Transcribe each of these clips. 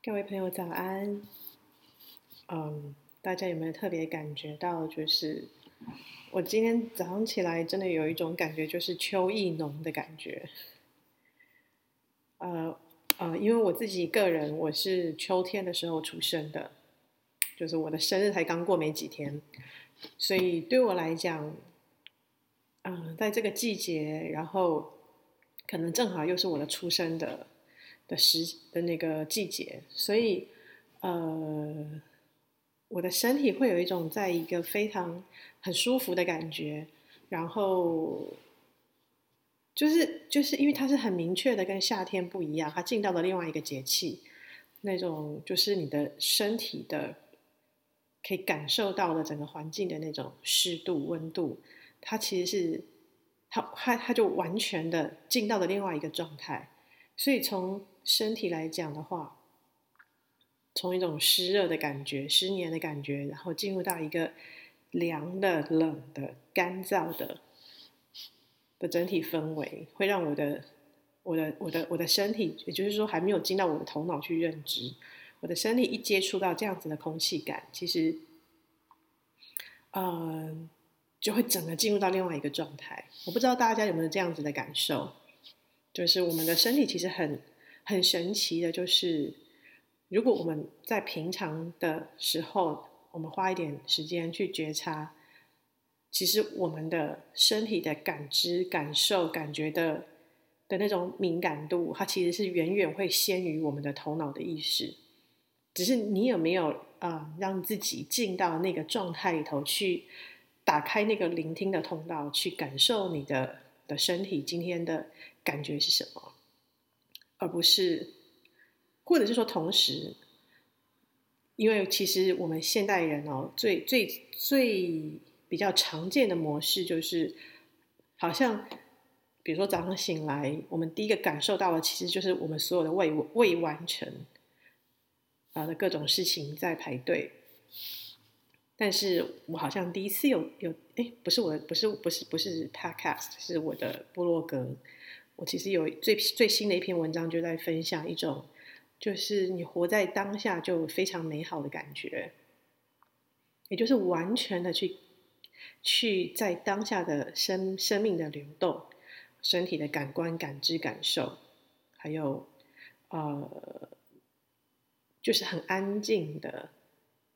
各位朋友早安，嗯，大家有沒有特別感覺到？就是我今天早上起來，真的有一種感覺，就是秋意濃的感覺。呃、嗯、呃、嗯，因為我自己個人，我是秋天的時候出生的，就是我的生日才剛過沒幾天，所以對我來講，嗯，在這個季節，然後可能正好又是我的出生的。的時的那個季節，所以，呃，我的身體會有一種在一個非常很舒服的感覺，然後就是就是因為它是很明確的跟夏天不一樣，它進到了另外一個節氣，那種就是你的身體的可以感受到的整個環境的那種濕度、溫度，它其實是它它它就完全的進到了另外一個狀態，所以從身體來講的話，從一種濕熱的感覺、濕黏的感覺，然後進入到一個涼的、冷的、乾燥的的整體氛圍，會讓我的、我的、我的、我的身體，也就是說還沒有進到我的頭腦去認知。我的身體一接觸到這樣子的空氣感，其實，嗯、呃，就會整個進入到另外一個狀態。我不知道大家有沒有這樣子的感受，就是我們的身體其實很。很神奇的，就是如果我們在平常的時候，我們花一點時間去覺察，其實我們的身體的感知、感受、感覺的的那種敏感度，它其實是遠遠會先於我們的頭腦的意識。只是你有沒有啊，呃，讓自己進到那個狀態裡頭去，打開那個聆聽的通道，去感受你的的身體今天的感覺是什麼？而不是，或者是說同時，因為其實我們現代人哦，最最最比較常見的模式就是，好像比如說早上醒來，我們第一個感受到的其實就是我們所有的未未完成的各種事情在排隊。但是我好像第一次有有，哎，不是我，不是不是不是 Podcast，是我的部落格。我其實有最最新的一篇文章，就在分享一種，就是你活在當下就非常美好的感覺，也就是完全的去，去在當下的生生命的流動，身體的感官感知感受，還有呃，就是很安靜的，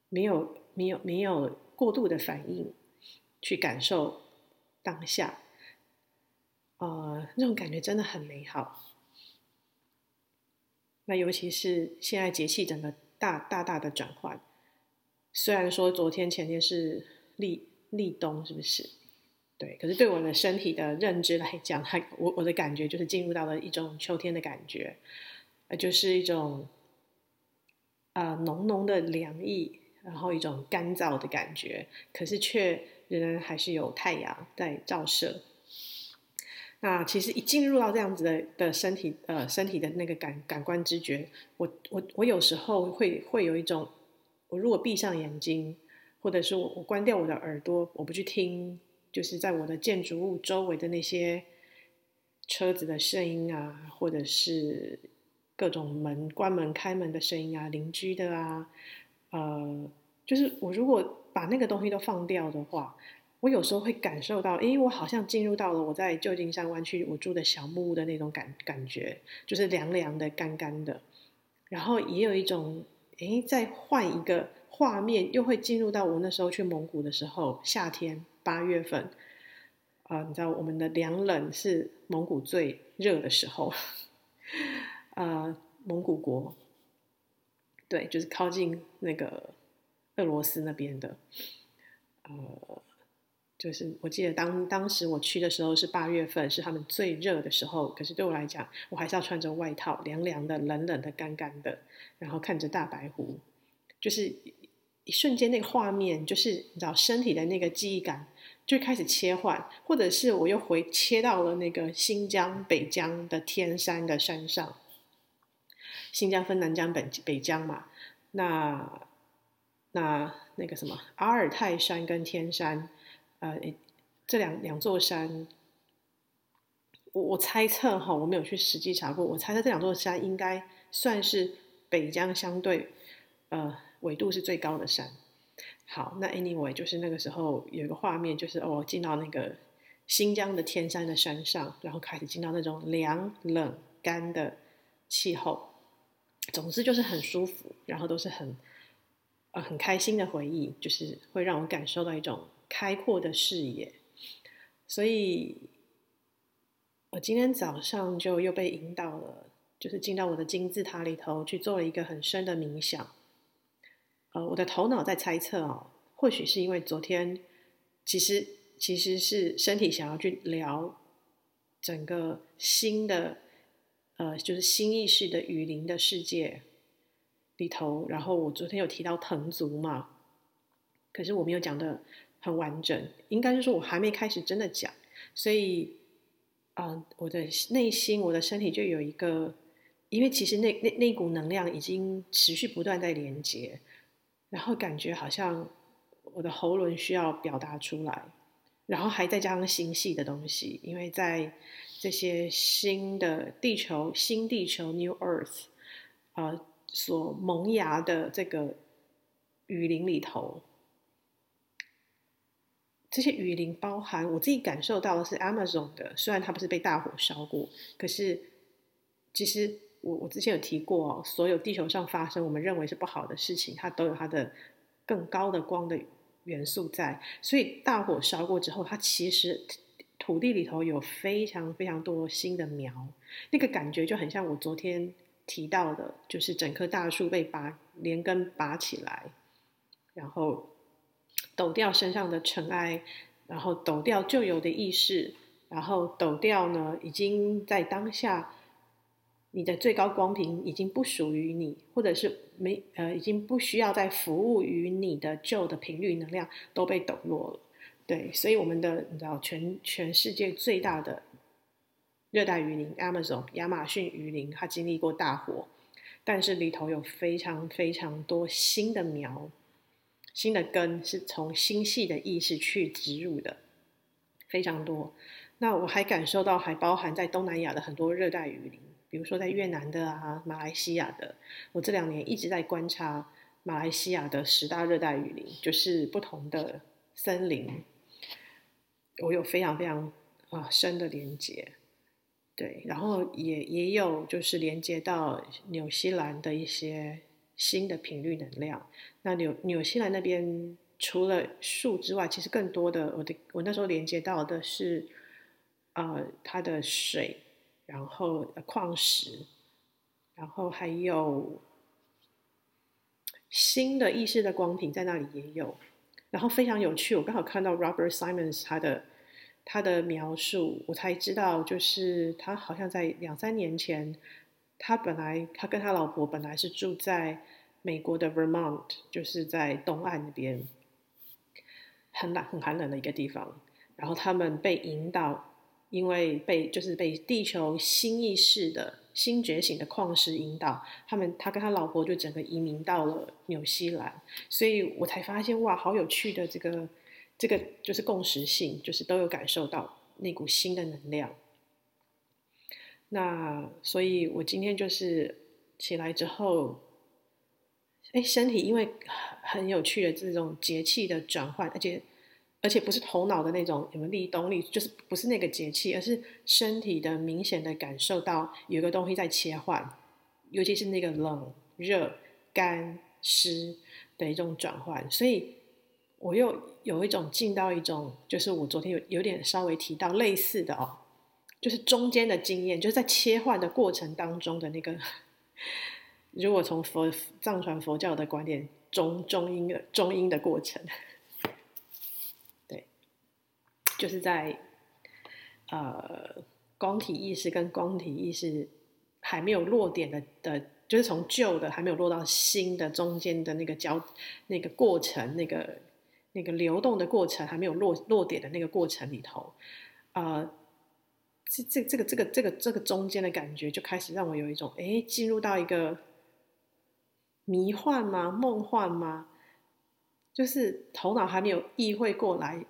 沒有沒有沒有過度的反應，去感受當下。呃，那種感覺真的很美好。那尤其是現在節氣整個大大大的轉換，雖然說昨天前天是立立冬，是不是？對，可是對我的身體的認知來講，還我我的感覺就是進入到了一種秋天的感覺，呃，就是一種啊、呃、濃濃的涼意，然後一種乾燥的感覺，可是卻仍然還是有太陽在照射。那其實一進入到這樣子的的身體，呃，身體的那個感感官知覺，我我我有時候會會有一種，我如果閉上眼睛，或者是我我關掉我的耳朵，我不去聽，就是在我的建築物周圍的那些車子的聲音啊，或者是各種門關門開門的聲音啊，鄰居的啊，呃，就是我如果把那個東西都放掉的話。我有時候會感受到，哎，我好像進入到了我在舊金山灣區我住的小木屋的那種感感覺，就是涼涼的、乾乾的。然後也有一種，哎，再換一個畫面，又會進入到我那時候去蒙古的時候，夏天八月份，啊、呃，你知道我們的涼冷是蒙古最熱的時候，啊、呃，蒙古國，對，就是靠近那個俄羅斯那邊的，呃。就是我記得當當時我去的時候是八月份，是他們最熱的時候，可是對我來講，我還是要穿着外套，涼涼的、冷冷的、乾乾的，然後看着大白狐，就是一瞬間那個畫面，就是你知道身體的那個記憶感就開始切換，或者是我又回切到了那個新疆北疆的天山的山上，新疆分南疆、北北疆嘛，那那那個什麼阿爾泰山跟天山。呃，這兩兩座山，我我猜測哈，我沒有去實際查過。我猜測這兩座山應該算是北疆相對呃緯度是最高的山。好，那 anyway，就是那個時候有一個畫面，就是哦，我進到那個新疆的天山的山上，然後開始進到那種涼冷乾的氣候，總之就是很舒服，然後都是很呃很開心的回憶，就是會讓我感受到一種。開闊的視野，所以我今天早上就又被引導了，就是進到我的金字塔裡頭去做了一個很深的冥想。呃，我的頭腦在猜測哦，或許是因為昨天，其實其實是身體想要去聊整個新的，呃，就是新意識的雨林的世界裡頭。然後我昨天有提到藤族嘛，可是我沒有講的。很完整，應該就是我還沒開始真的講，所以，嗯、呃，我的內心、我的身體就有一個，因為其實那那那股能量已經持續不斷在連接，然後感覺好像我的喉嚨需要表達出來，然後還再加上星系的東西，因為在這些新的地球、新地球 （New Earth）、呃、所萌芽的這個雨林裡頭。這些雨林包含我自己感受到的是 Amazon 的，雖然它不是被大火燒過，可是，其實我我之前有提過哦，所有地球上發生我們認為是不好的事情，它都有它的更高的光的元素在。所以大火燒過之後，它其實土地裡頭有非常非常多新的苗，那個感覺就很像我昨天提到的，就是整棵大樹被拔連根拔起來，然後。抖掉身上的塵埃，然後抖掉舊有的意識，然後抖掉呢，已經在當下，你的最高光頻已經不屬於你，或者是沒呃，已經不需要再服務於你的舊的頻率能量都被抖落了。對，所以我們的，你知道全全世界最大的熱帶雨林 Amazon 亞馬遜雨林，它經歷過大火，但是裡頭有非常非常多新的苗。新的根是從星系的意識去植入的，非常多。那我還感受到，還包含在東南亞的很多熱帶雨林，比如說在越南的啊，馬來西亞的。我這兩年一直在觀察馬來西亞的十大熱帶雨林，就是不同的森林，我有非常非常啊深的連接。對，然後也也有就是連接到紐西蘭的一些。新的頻率能量，那紐紐西蘭那邊除了樹之外，其實更多的，我的我那時候連接到的是，呃，它的水，然後礦石，然後還有新的意識的光頻在那裡也有，然後非常有趣。我剛好看到 Robert Simons 他的他的描述，我才知道就是他好像在兩三年前。他本來，他跟他老婆本來是住在美國的 Vermont，就是在東岸那邊，很冷、很寒冷的一個地方。然後他們被引導，因為被就是被地球新意識的新覺醒的礦石引導，他們他跟他老婆就整個移民到了紐西蘭。所以我才發現，哇，好有趣的這個這個就是共識性，就是都有感受到那股新的能量。那所以，我今天就是起來之後，哎，身體因為很很有趣的這種節氣的轉換，而且而且不是頭腦的那種什麼立冬立，就是不是那個節氣，而是身體的明顯的感受到有一個東西在切換，尤其是那個冷熱乾濕的一種轉換，所以我又有一種進到一種，就是我昨天有有點稍微提到類似的哦。就是中間的經驗，就是在切換的過程當中的那個。如果從佛藏傳佛教的觀點，中中陰的中陰的過程，對，就是在呃，光體意識跟光體意識還沒有落點的、的，就是從舊的還沒有落到新的中間的那個交那個過程，那個那個流動的過程還沒有落落點的那個過程裡頭，呃。這個這個這個這個中間的感覺就開始讓我有一種哎，進入到一個迷幻嗎？夢幻嗎？就是頭腦還沒有意會過來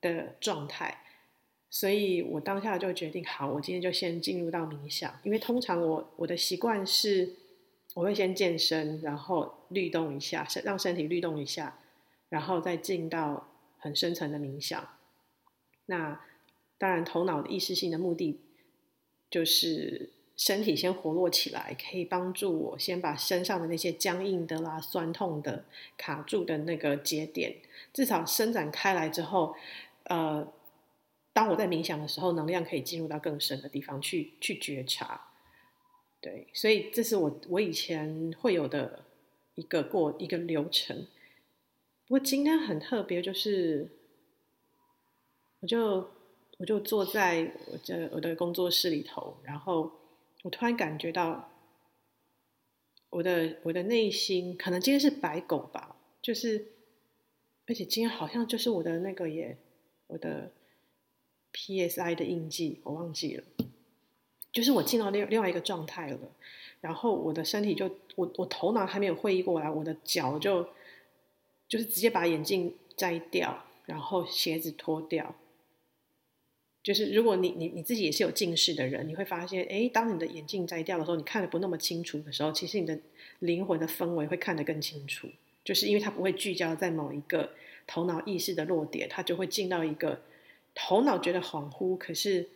的狀態，所以我當下就決定，好，我今天就先進入到冥想，因為通常我我的習慣是，我會先健身，然後律動一下，讓身體律動一下，然後再進到很深層的冥想。那。當然，頭腦的意識性的目的就是身體先活絡起來，可以幫助我先把身上的那些僵硬的啦、酸痛的、卡住的那個節點，至少伸展開來之後，呃，當我在冥想的時候，能量可以進入到更深的地方去去覺察。對，所以這是我我以前會有的一個過一個流程。不過今天很特別，就是我就。我就坐在我的我的工作室裡頭，然後我突然感覺到我的我的內心可能今天是白狗吧，就是，而且今天好像就是我的那個耶，我的 PSI 的印記，我忘記了，就是我進到另另外一個狀態了，然後我的身體就我我頭腦還沒有會意過來，我的腳就就是直接把眼鏡摘掉，然後鞋子脫掉。就是如果你你你自己也是有近視的人，你會發現，誒，當你的眼鏡摘掉的時候，你看得不那麼清楚的時候，其實你的靈魂的氛圍會看得更清楚。就是因為它不會聚焦在某一個頭腦意識的落點，它就會進到一個頭腦覺得恍惚，可是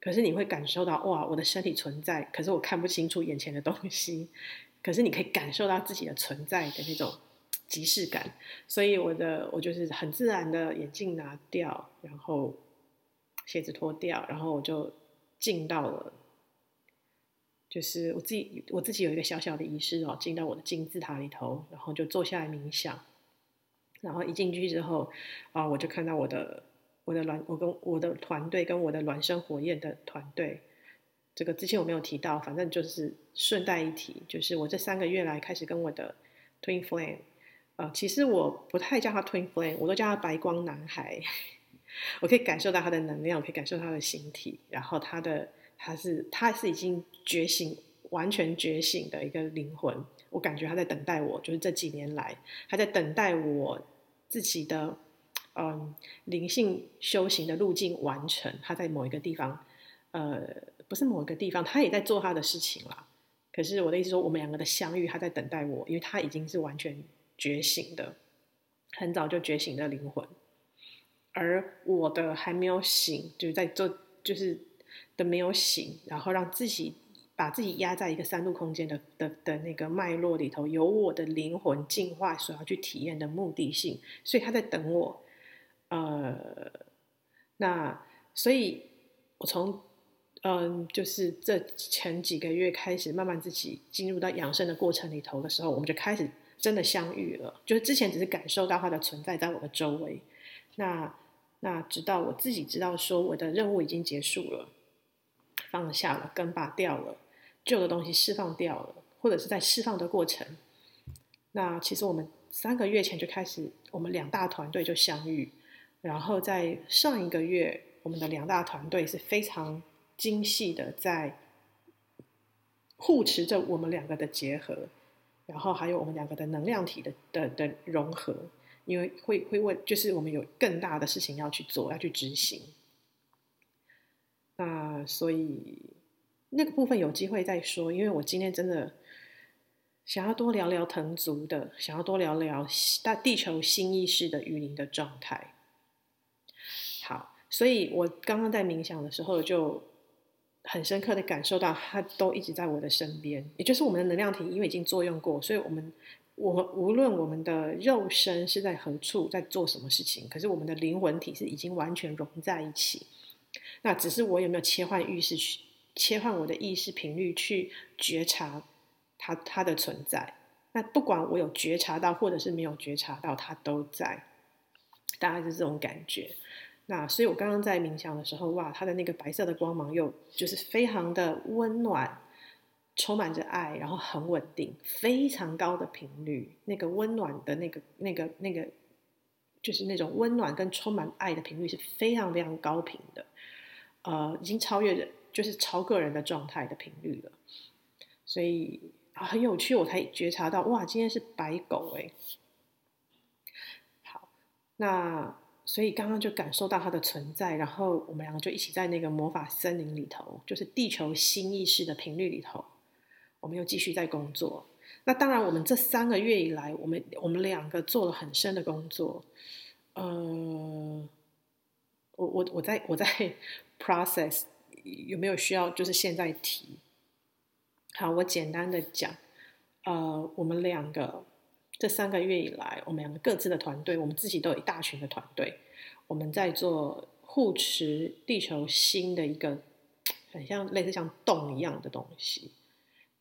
可是你會感受到哇，我的身體存在，可是我看不清楚眼前的東西，可是你可以感受到自己的存在的那種即視感。所以我的我就是很自然的眼鏡拿掉，然後。鞋子脫掉，然後我就進到了，就是我自己，我自己有一個小小的儀式哦，進到我的金字塔裡頭，然後就坐下來冥想。然後一進去之後，啊，呃，我就看到我的我的卵，我跟我的團隊跟我的孿生火焰的團隊，這個之前我沒有提到，反正就是順帶一提，就是我這三個月來開始跟我的 twin flame，呃，其實我不太叫他 twin flame，我都叫他白光男孩。我可以感受到他的能量，我可以感受他的形體，然後他的他是他是已經覺醒、完全覺醒的一個靈魂。我感覺他在等待我，就是這幾年來，他在等待我自己的嗯、呃、靈性修行的路徑完成。他在某一個地方，呃，不是某一個地方，他也在做他的事情啦。可是我的意思是說，我們兩個的相遇，他在等待我，因為他已經是完全覺醒的、很早就覺醒的靈魂。而我的還沒有醒，就是在做，就是的沒有醒，然後讓自己把自己壓在一個三度空間的的的那個脈絡裡頭，有我的靈魂進化所要去體驗的目的性，所以他在等我。呃，那所以，我從嗯、呃，就是這前幾個月開始，慢慢自己進入到養生的過程裡頭的時候，我們就開始真的相遇了。就是之前只是感受到它的存在，在在我的周圍，那。那直到我自己知道說我的任務已經結束了，放下了，根拔掉了，舊的東西釋放掉了，或者是在釋放的過程。那其實我們三個月前就開始，我們兩大團隊就相遇，然後在上一個月，我們的兩大團隊是非常精細的在護持着我們兩個的結合，然後還有我們兩個的能量體的的的融合。因為會會問，就是我們有更大的事情要去做，要去執行。那所以那個部分有機會再說，因為我今天真的想要多聊聊藤族的，想要多聊聊大地球新意識的雨林的狀態。好，所以我剛剛在冥想的時候就很深刻的感受到，它都一直在我的身邊，也就是我們的能量體，因為已經作用過，所以我們。我無論我們的肉身是在何處，在做什麼事情，可是我們的靈魂體是已經完全融在一起。那只是我有沒有切換意識去切換我的意識頻率去覺察它，它的存在？那不管我有覺察到或者是沒有覺察到，它都在。大概是這種感覺。那所以我剛剛在冥想的時候，哇，它的那個白色的光芒又就是非常的溫暖。充滿着愛，然後很穩定，非常高的頻率，那個溫暖的那個、那個、那個，就是那種溫暖跟充滿愛的頻率是非常非常高頻的，呃，已經超越人，就是超個人的狀態的頻率了。所以很有趣，我才覺察到，哇，今天是白狗誒、欸。好，那所以剛剛就感受到它的存在，然後我們兩個就一起在那個魔法森林裡頭，就是地球新意識的頻率裡頭。我們又繼續在工作。那當然，我們這三個月以來，我們我們兩個做了很深的工作。呃，我我我在我在 process 有沒有需要？就是現在提。好，我簡單的講。呃，我們兩個這三個月以來，我們兩個各自的團隊，我們自己都有一大群的團隊，我們在做護持地球新的一個很像類似像洞一樣的東西。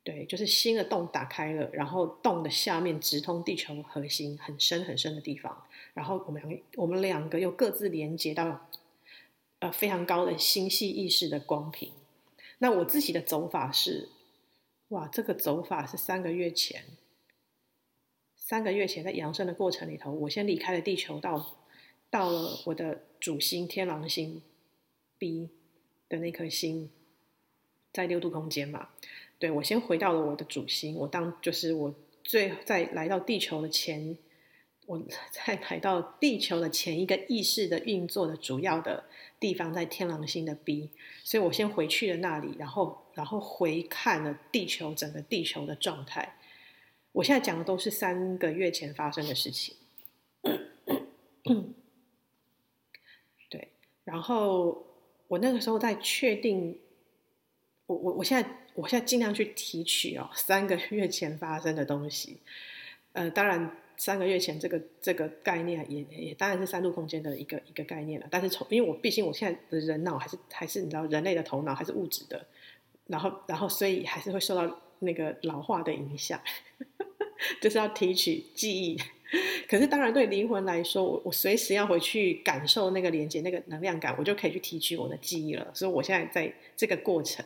對，就是新的洞打開了，然後洞的下面直通地球核心很深很深的地方。然後我們我們兩個又各自連接到呃非常高的星系意識的光屏。那我自己的走法是，哇，這個走法是三個月前，三個月前在揚升的過程裡頭，我先離開了地球到，到到了我的主星天狼星 B 的那顆星，在六度空間嘛。對，我先回到了我的主星。我當就是我最在來到地球的前，我在來到地球的前一個意識的運作的主要的地方在天狼星的 B，所以我先回去了那裡，然後然後回看了地球整個地球的狀態。我現在講的都是三個月前發生的事情。 對，然後我那個時候在確定，我我我現在。我現在盡量去提取哦，三個月前發生的東西。呃，當然，三個月前這個這個概念也也當然是三度空間的一個一個概念了。但是從因為我畢竟我現在的人腦還是還是你知道人類的頭腦還是物質的，然後然後所以還是會受到那個老化的影響。 就是要提取記憶，可是當然對靈魂來說，我我隨時要回去感受那個連接那個能量感，我就可以去提取我的記憶了。所以我現在在這個過程。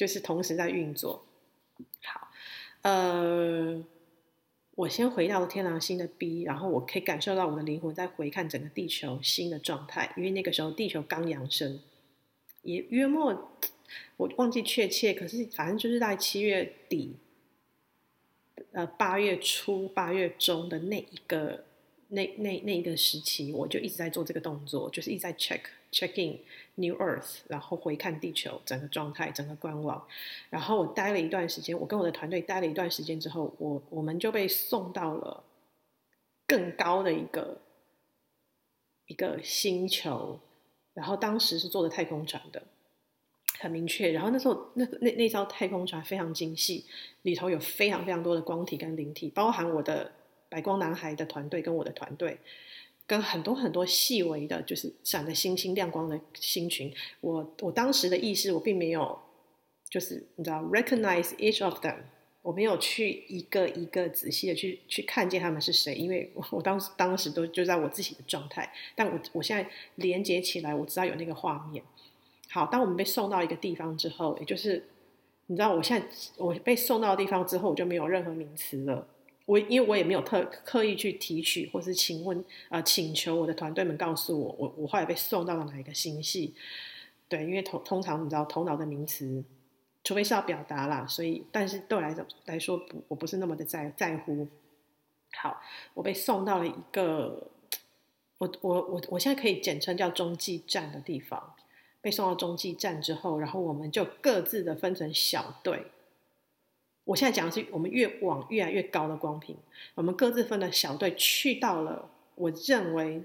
就是同時在運作，好，呃，我先回到天狼星的 B，然後我可以感受到我的靈魂在回看整個地球新的狀態，因為那個時候地球剛揚升，也約莫我忘記確切，可是反正就是在七月底，呃、八月初、八月中的那一個那那那一個時期，我就一直在做這個動作，就是一直在 check check in New Earth，然後回看地球整個狀態，整個觀望，然後我待了一段時間。我跟我的團隊待了一段時間之後，我我們就被送到了更高的一個一個星球，然後當時是坐的太空船的，很明確。然後那時候那那那，那艘太空船非常精細，裡頭有非常非常多的光體跟靈體，包含我的白光男孩的團隊跟我的團隊。跟很多很多細微的，就是閃著星星亮光的星群我，我我當時的意識我並沒有，就是你知道，recognize each of them，我沒有去一個一個仔細的去去看見他們是誰，因為我當時當時都就在我自己的狀態，但我我現在連接起來，我知道有那個畫面。好，當我們被送到一個地方之後，也就是你知道，我現在我被送到地方之後，我就沒有任何名詞了。我因為我也沒有特刻意，去提取，或是請問呃請求我的團隊們告訴我，我我後來被送到了哪一個星系？對，因為頭通常你知道頭腦的名詞，除非是要表達啦，所以但是對我來說來說，不我不是那麼的在在乎。好，我被送到了一個，我我我我現在可以簡稱叫中繼站的地方。被送到中繼站之後，然後我們就各自的分成小隊。我現在講的是我們越往越來越高的光屏，我們各自分的小隊去到了我認為，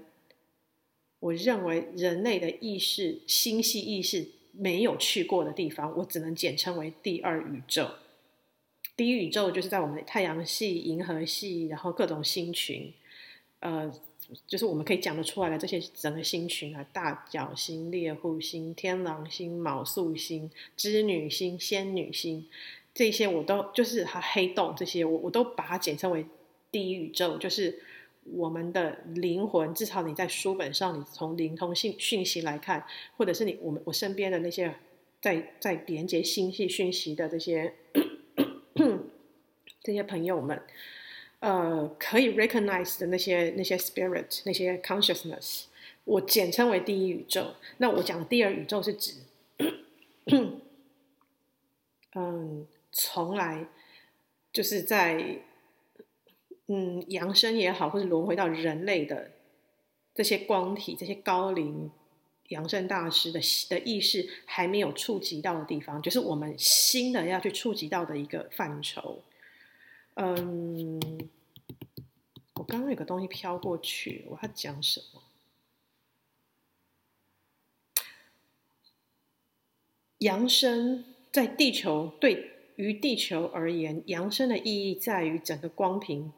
我認為人類的意識、星系意識沒有去過的地方。我只能簡稱為第二宇宙。第一宇宙就是在我們的太陽系、銀河系，然後各種星群，呃，就是我們可以講得出來的這些整個星群啊，大角星、獵戶星、天狼星、昴宿星、織女星、仙女星。這些我都就是它黑洞這些我我都把它簡稱為第一宇宙，就是我們的靈魂。至少你在書本上，你從靈通信訊息來看，或者是你我們我身邊的那些在在，在連接星系訊息的這些咳咳咳這些朋友們，呃，可以 recognize 的那些那些 spirit 那些 consciousness，我簡稱為第一宇宙。那我講的第二宇宙是指，嗯。呃從來就是在嗯，揚升也好，或者輪回到人類的這些光體、這些高齡揚升大師的的意識還沒有觸及到的地方，就是我們新的要去觸及到的一個範疇。嗯，我剛剛有個東西飄過去，我要講什麼？揚升在地球對？於地球而言，揚升的意義在於整個光頻，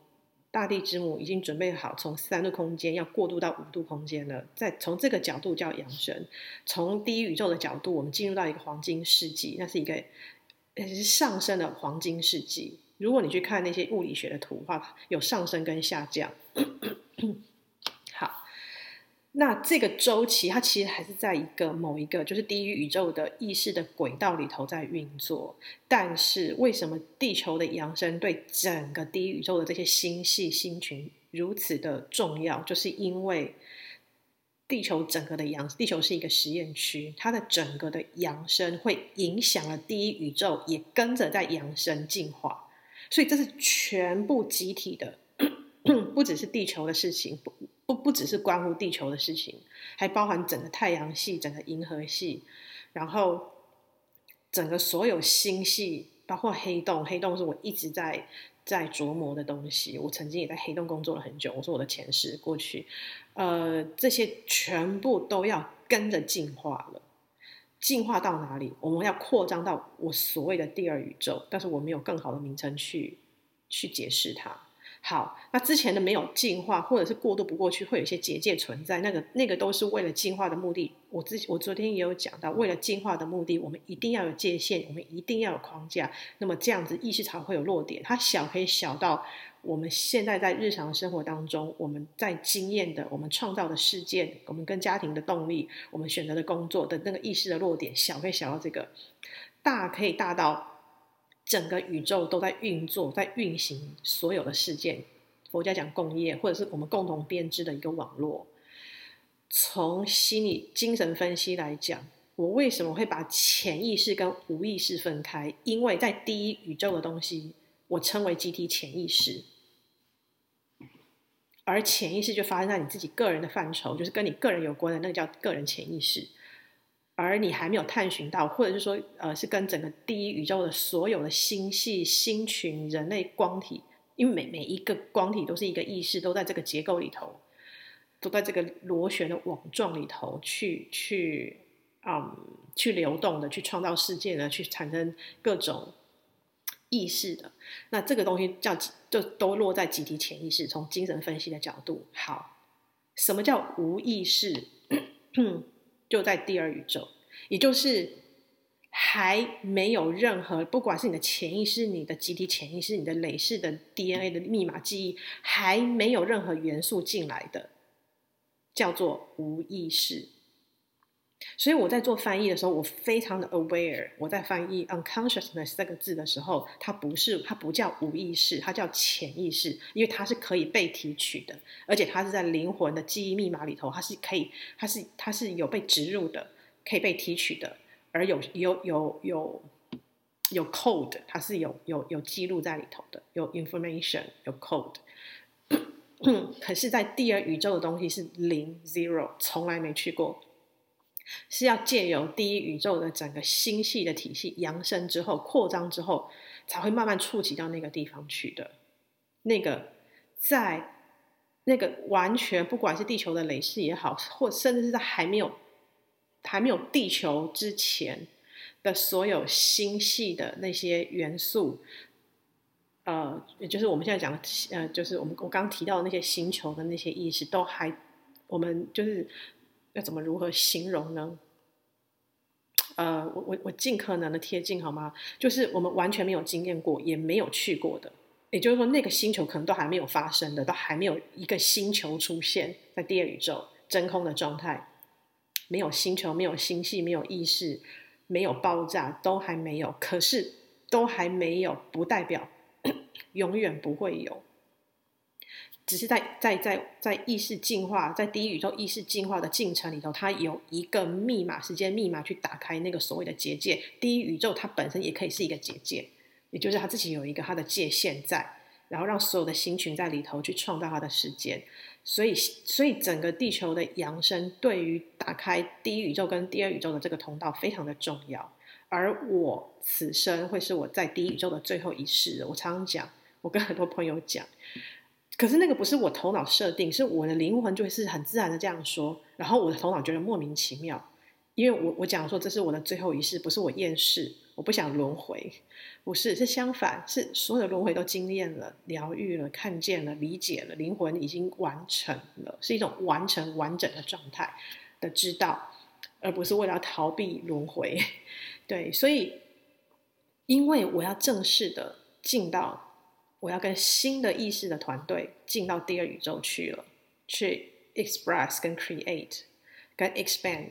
大地之母已經準備好從三度空間要過渡到五度空間了。再從這個角度叫揚升，從第一宇宙的角度，我們進入到一個黃金世紀，那是一個是上升的黃金世紀。如果你去看那些物理學的圖畫，有上升跟下降。咳咳咳那這個周期，它其實還是在一個某一個就是第一宇宙的意識的軌道裡頭在運作。但是為什麼地球的揚升對整個第一宇宙的這些星系星群、如此的重要？就是因為地球整個的揚，地球是一個實驗區，它的整個的揚升會影響了第一宇宙，也跟着在揚升進化。所以這是全部集體的， 不只是地球的事情。不不只是關乎地球的事情，還包含整個太陽系、整個銀河系，然後整個所有星系，包括黑洞。黑洞是我一直在在琢磨的東西。我曾經也在黑洞工作了很久，我是我的前世過去。呃，這些全部都要跟着進化了，進化到哪裡？我們要擴張到我所謂的第二宇宙，但是我沒有更好的名稱去去解釋它。好，那之前的沒有進化，或者是過渡不過去，會有一些結界存在。那個那個都是為了進化的目的。我之我昨天也有講到，為了進化的目的，我們一定要有界限，我們一定要有框架。那麼這樣子，意識才會有落點。它小可以小到我們現在在日常生活當中，我們在經驗的、我們創造的事件、我們跟家庭的動力、我們選擇的工作的那個意識的落點，小可以小到這個；大可以大到。整個宇宙都在運作，在運行所有的事件。佛家講共業，或者是我們共同編織的一個網絡。從心理、精神分析來講，我為什麼會把潛意識跟無意識分開？因為在第一宇宙的東西，我稱為集體潛意識，而潛意識就發生在你自己個人的範疇，就是跟你個人有關的，那個叫個人潛意識。而你還沒有探尋到，或者是說，呃，是跟整個第一宇宙的所有的星系、星群、人類光體，因為每每一個光體都是一個意識，都在這個結構裡頭，都在這個螺旋的網狀裡頭去去，嗯，去流動的，去創造世界呢，去產生各種意識的。那這個東西叫就都落在集體潛意識，從精神分析的角度，好，什麼叫無意識？ 嗯就在第二宇宙，也就是還沒有任何，不管是你的潛意識、你的集體潛意識、是你的累世的 DNA 的密碼記憶，還沒有任何元素進來的，叫做無意識。所以我在做翻譯的時候，我非常的 aware。我在翻譯 unconsciousness 這個字的時候，它不是，它不叫無意識，它叫潛意識，因為它是可以被提取的，而且它是在靈魂的記憶密碼裡頭，它是可以，它是它是有被植入的，可以被提取的。而有有有有有 code，它是有有有記錄在裡頭的，有 information，有 code。 可是在第二宇宙的東西是零 zero，從來沒去過。是要借由第一宇宙的整個星系的體系揚升之後，擴張之後，才會慢慢觸及到那個地方去的。那個在那個完全不管是地球的累世也好，或甚至是在還沒有還沒有地球之前的所有星系的那些元素，呃，也就是我們現在講的，呃，就是我們我剛提到的那些星球的那些意識，都還我們就是。要怎麼如何形容呢？呃，我我我盡可能的貼近好嗎？就是我們完全沒有經驗過，也沒有去過的。也就是說，那個星球可能都還沒有發生的，都還沒有一個星球出現在第二宇宙真空的狀態，沒有星球，沒有星系，沒有意識，沒有爆炸，都還沒有。可是，都還沒有，不代表永遠不會有。只是在在在在意識進化，在第一宇宙意識進化的進程裡頭，它有一個密碼、時間密碼去打開那個所謂的結界。第一宇宙它本身也可以是一個結界，也就是它自己有一個它的界限在，然後讓所有的星群在裡頭去創造它的時間。所以，所以整個地球的揚升對於打開第一宇宙跟第二宇宙的這個通道非常的重要。而我此生會是我在第一宇宙的最後一世。我常常講，我跟很多朋友講。可是那個不是我頭腦設定，是我的靈魂就是很自然的這樣說，然後我的頭腦覺得莫名其妙，因為我我講說這是我的最後一世，不是我厭世，我不想輪迴，不是，是相反，是所有的輪迴都經驗了、療癒了、看見了、理解了，靈魂已經完成了，是一種完成完整的狀態的知道，而不是為了逃避輪迴，對，所以因為我要正式的進到。我要跟新的意識的團隊進到第二宇宙去了，去 express、跟 create、跟 expand。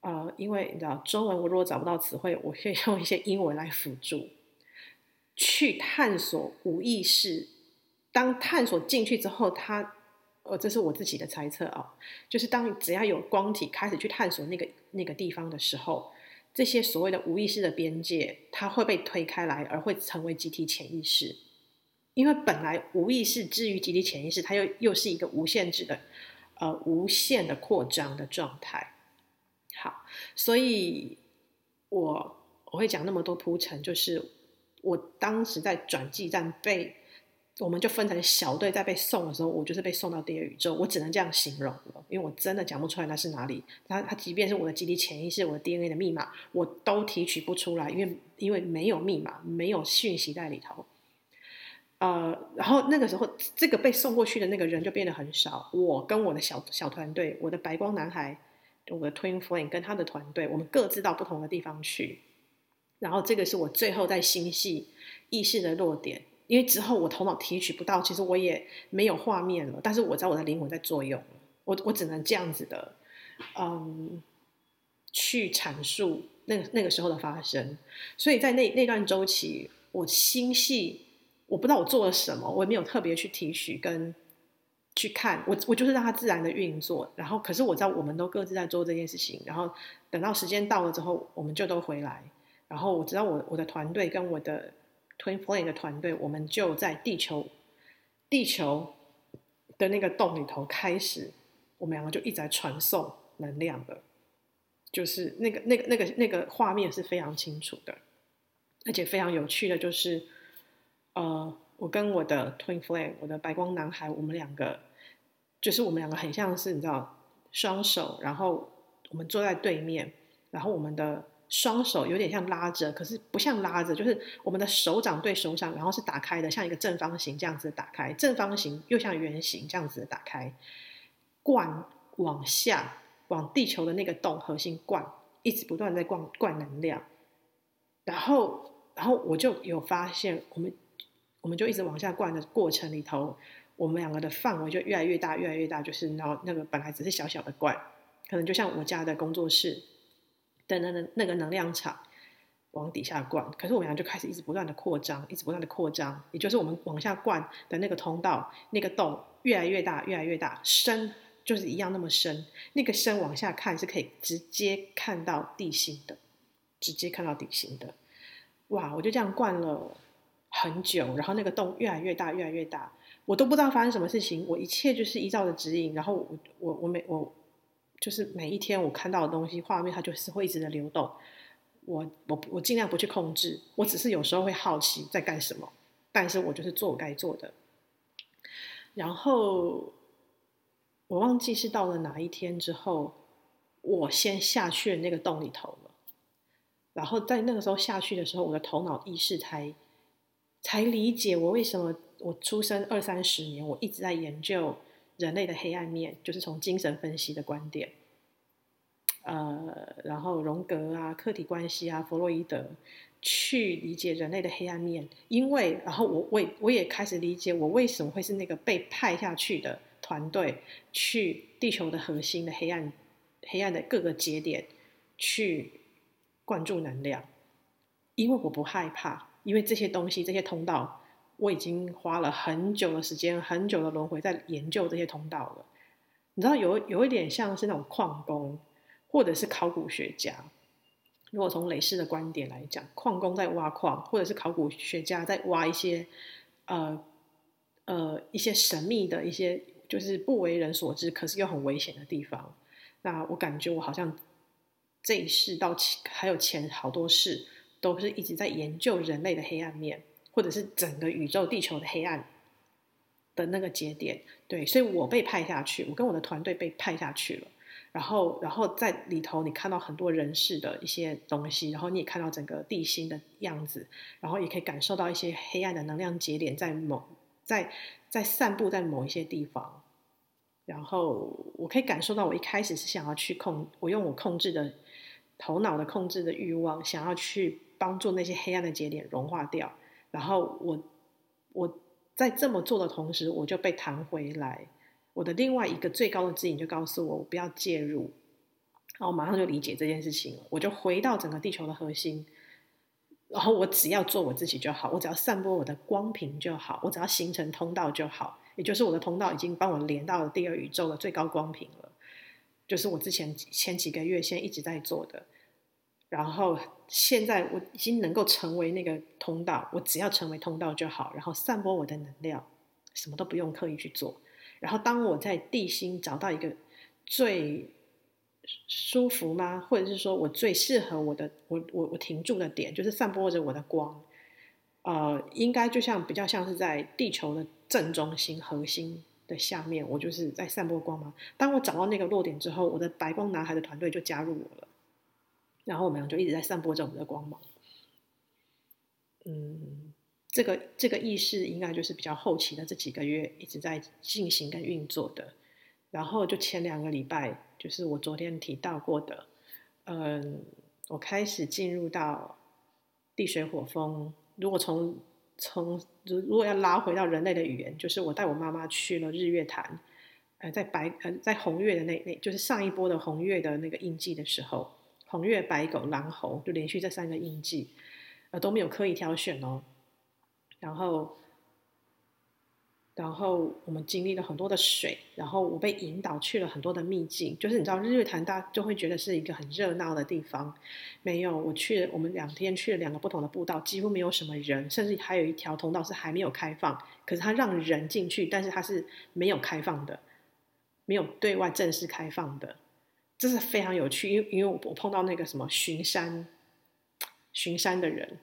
呃，因為你知道中文，我如果找不到詞彙，我可以用一些英文來輔助去探索無意識。當探索進去之後，它，呃、哦，這是我自己的猜測哦，就是當只要有光體開始去探索那個那個地方的時候，這些所謂的無意識的邊界，它會被推開來，而會成為集體潛意識。因為本來無意識，之於集體潛意識，它又又是一個無限制的、呃無限的擴張的狀態。好，所以我我會講那麼多鋪陳，就是我當時在轉機站被，我們就分成小隊在被送的時候，我就是被送到第二宇宙，我只能這樣形容了，因為我真的講不出來那是哪裡。他他即便是我的集體潛意識、我的 DNA 的密碼，我都提取不出來，因為因為沒有密碼，沒有訊息在裡頭。呃，然後那個時候，這個被送過去的那個人就變得很少。我跟我的小小團隊，我的白光男孩，我的 Twin Flame 跟他的團隊，我們各自到不同的地方去。然後，這個是我最後在星系意識的落點，因為之後我頭腦提取不到，其實我也沒有畫面了。但是我知道我的靈魂在作用，我我只能這樣子的，嗯，去闡述那那個時候的發生。所以在那那段週期，我星系。我不知道我做了什麼，我也沒有特別去提取跟去看，我我就是讓它自然的運作。然後，可是我知道我們都各自在做這件事情。然後等到時間到了之後，我們就都回來。然後我知道我我的團隊跟我的 Twin Flame 的團隊，我們就在地球地球的那個洞裡頭開始，我們兩個就一直在傳送能量的，就是那個那個那個那個畫面是非常清楚的，而且非常有趣的就是。呃、uh，我跟我的 twin flame，我的白光男孩，我們兩個就是我們兩個很像是你知道，雙手，然後我們坐在對面，然後我們的雙手有點像拉着，可是不像拉着，就是我們的手掌對手掌，然後是打開的，像一個正方形這樣子打開，正方形又像圓形這樣子打開，灌往下往地球的那個洞核心灌，一直不斷在灌灌能量，然後然後我就有發現我們。我們就一直往下灌的過程裡頭，我們兩個的範圍就越來越大，越來越大。就是然後那個本來只是小小的灌，可能就像我家的工作室等等的那個能量場，往底下灌。可是我們倆就開始一直不斷的擴張，一直不斷的擴張。也就是我們往下灌的那個通道，那個洞越來越大，越來越大，深就是一樣那麼深。那個深往下看是可以直接看到地心的，直接看到地心的。哇！我就這樣灌了，很久，然後那個洞越來越大，越來越大，我都不知道發生什麼事情。我一切就是依照的指引，然後我我我每我，我就是每一天我看到的東西畫面，它就是會一直在流動。我我我盡量不去控制，我只是有時候會好奇在幹什麼，但是我就是做該做的。然後我忘記是到了哪一天之後，我先下去的那個洞裡頭了。然後在那個時候下去的時候，我的頭腦意識才。才理解我為什麼我出生二三十年，我一直在研究人類的黑暗面，就是從精神分析的觀點，呃，然後榮格啊、客體關係啊、弗洛伊德去理解人類的黑暗面。因為，然後我我也我也開始理解我為什麼會是那個被派下去的團隊，去地球的核心的黑暗黑暗的各個節點去灌注能量，因為我不害怕。因為這些東西、這些通道，我已經花了很久的時間、很久的輪回在研究這些通道了。你知道有，有有一點像是那種礦工，或者是考古學家。如果從雷氏的觀點來講，礦工在挖礦，或者是考古學家在挖一些呃呃一些神秘的一些，就是不為人所知，可是又很危險的地方。那我感覺我好像這一世到還有前好多世。都是一直在研究人類的黑暗面，或者是整個宇宙、地球的黑暗的那個節點。對，所以我被派下去，我跟我的團隊被派下去了。然後，然後在裡頭，你看到很多人事的一些東西，然後你也看到整個地心的樣子，然後也可以感受到一些黑暗的能量節點在某在在散布在某一些地方。然後，我可以感受到，我一開始是想要去控，我用我控制的頭腦的控制的欲望，想要去。幫助那些黑暗的節點融化掉，然後我我在這麼做的同時，我就被彈回來。我的另外一個最高的指引就告訴我，我不要介入。然後我馬上就理解這件事情，我就回到整個地球的核心，然後我只要做我自己就好，我只要散播我的光頻就好，我只要形成通道就好，也就是我的通道已經幫我連到了第二宇宙的最高光頻了，就是我之前前幾個月先一直在做的。然後現在我已經能夠成為那個通道，我只要成為通道就好，然後散播我的能量，什麼都不用刻意去做。然後當我在地心找到一個最舒服嗎，或者是說我最適合我的，我我我停住的點，就是散播着我的光，呃，應該就像比較像是在地球的正中心核心的下面，我就是在散播光芒。當我找到那個落點之後，我的白光男孩的團隊就加入我了。然後我們倆就一直在散播着我們的光芒。嗯，這個這個意識應該就是比較後期的這幾個月一直在進行跟運作的。然後就前兩個禮拜，就是我昨天提到過的，嗯，我開始進入到地水火風。如果從從如如果要拉回到人類的語言，就是我帶我媽媽去了日月潭，呃，在白，呃，在紅月的那，那就是上一波的紅月的那個印記的時候。紅月、白狗、狼猴，就連續這三個印記，呃，都沒有刻意挑選哦。然後，然後我們經歷了很多的水，然後我被引導去了很多的秘境。就是你知道日月潭，大家就會覺得是一個很熱鬧的地方，沒有。我去了，我們兩天去了兩個不同的步道，幾乎沒有什麼人，甚至還有一條通道是還沒有開放，可是他讓人進去，但是他是沒有開放的，沒有對外正式開放的。這是非常有趣，因為因為我碰到那個什麼巡山，巡山的人，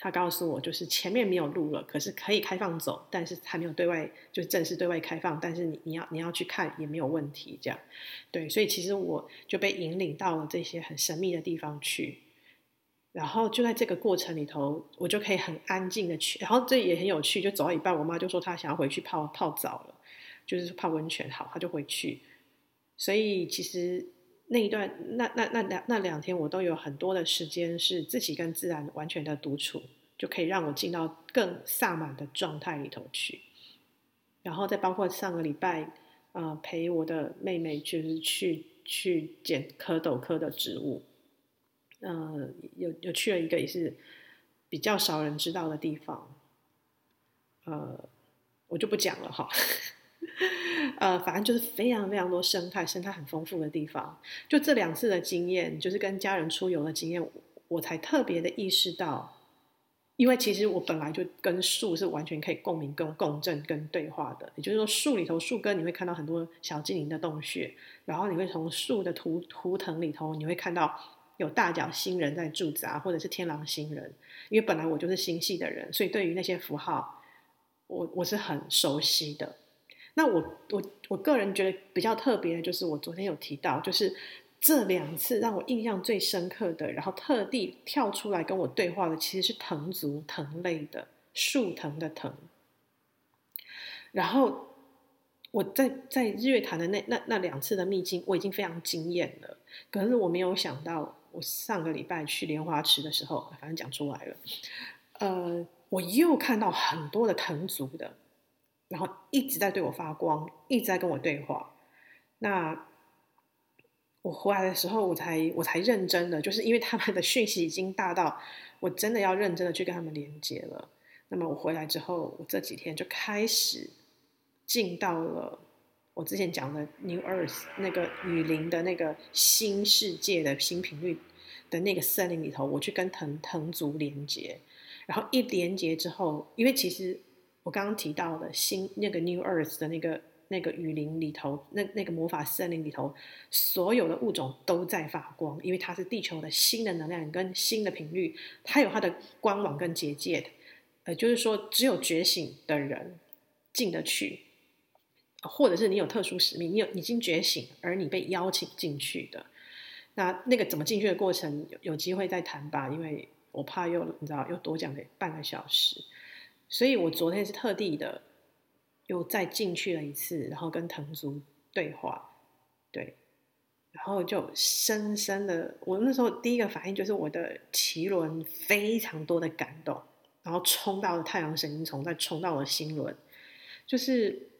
他告訴我就是前面沒有路了，可是可以開放走，但是還沒有對外就是正式對外開放，但是你你要你要去看也沒有問題，這樣，對，所以其實我就被引領到了這些很神秘的地方去，然後就在這個過程裡頭，我就可以很安靜的去，然後這也很有趣，就走到一半，我媽就說她想要回去泡泡澡了，就是泡溫泉好，她就回去。所以其實那一段那那那兩那，那兩天，我都有很多的時間是自己跟自然完全的獨處，就可以讓我進到更薩滿的狀態裡頭去。然後再包括上個禮拜，呃，陪我的妹妹就是去去撿殼斗科的植物，呃，有有去了一個也是比較少人知道的地方，呃，我就不講了哈。呃，反正就是非常非常多生態、生態很豐富的地方。就這兩次的經驗，就是跟家人出遊的經驗我，我才特別的意識到，因為其實我本來就跟樹是完全可以共鳴、跟共振、跟對話的。也就是說，樹裡頭樹根你會看到很多小精靈的洞穴，然後你會從樹的圖圖騰裡頭，你會看到有大角星人在駐扎，或者是天狼星人。因為本來我就是星系的人，所以對於那些符號，我我是很熟悉的。那我我我個人覺得比較特別的，就是我昨天有提到，就是這兩次讓我印象最深刻的，然後特地跳出來跟我對話的，其實是藤族藤類的樹藤的藤。然後我在在日月潭的那那那兩次的秘境，我已經非常驚艷了。可是我沒有想到，我上個禮拜去蓮花池的時候，反正講出來了，呃，我又看到很多的藤族的。然後一直在對我發光，一直在跟我對話。那我回來的時候，我才我才認真的，就是因為他們的訊息已經大到，我真的要認真的去跟他們連接了。那麼我回來之後，我這幾天就開始進到了我之前講的 New Earth 那個雨林的那個新世界的新頻率的那個森林裡頭，我去跟藤藤族連接。然後一連接之後，因為其實。我剛剛提到的新那個 New Earth 的那個那個雨林裡頭，那那個魔法森林裡頭，所有的物種都在發光，因為它是地球的新的能量跟新的頻率，它有它的光網跟結界的，呃，就是說只有覺醒的人進得去，或者是你有特殊使命，你有已經覺醒而你被邀請進去的，那那個怎麼進去的過程有，有機會再談吧，因為我怕又你知道又多講個半個小時。所以我昨天是特地的，又再進去了一次，然後跟藤竹對話，對，然後就深深的，我那時候第一個反應就是我的臍輪非常多的感動，然後衝到了太陽神經叢，再衝到我的心輪，就是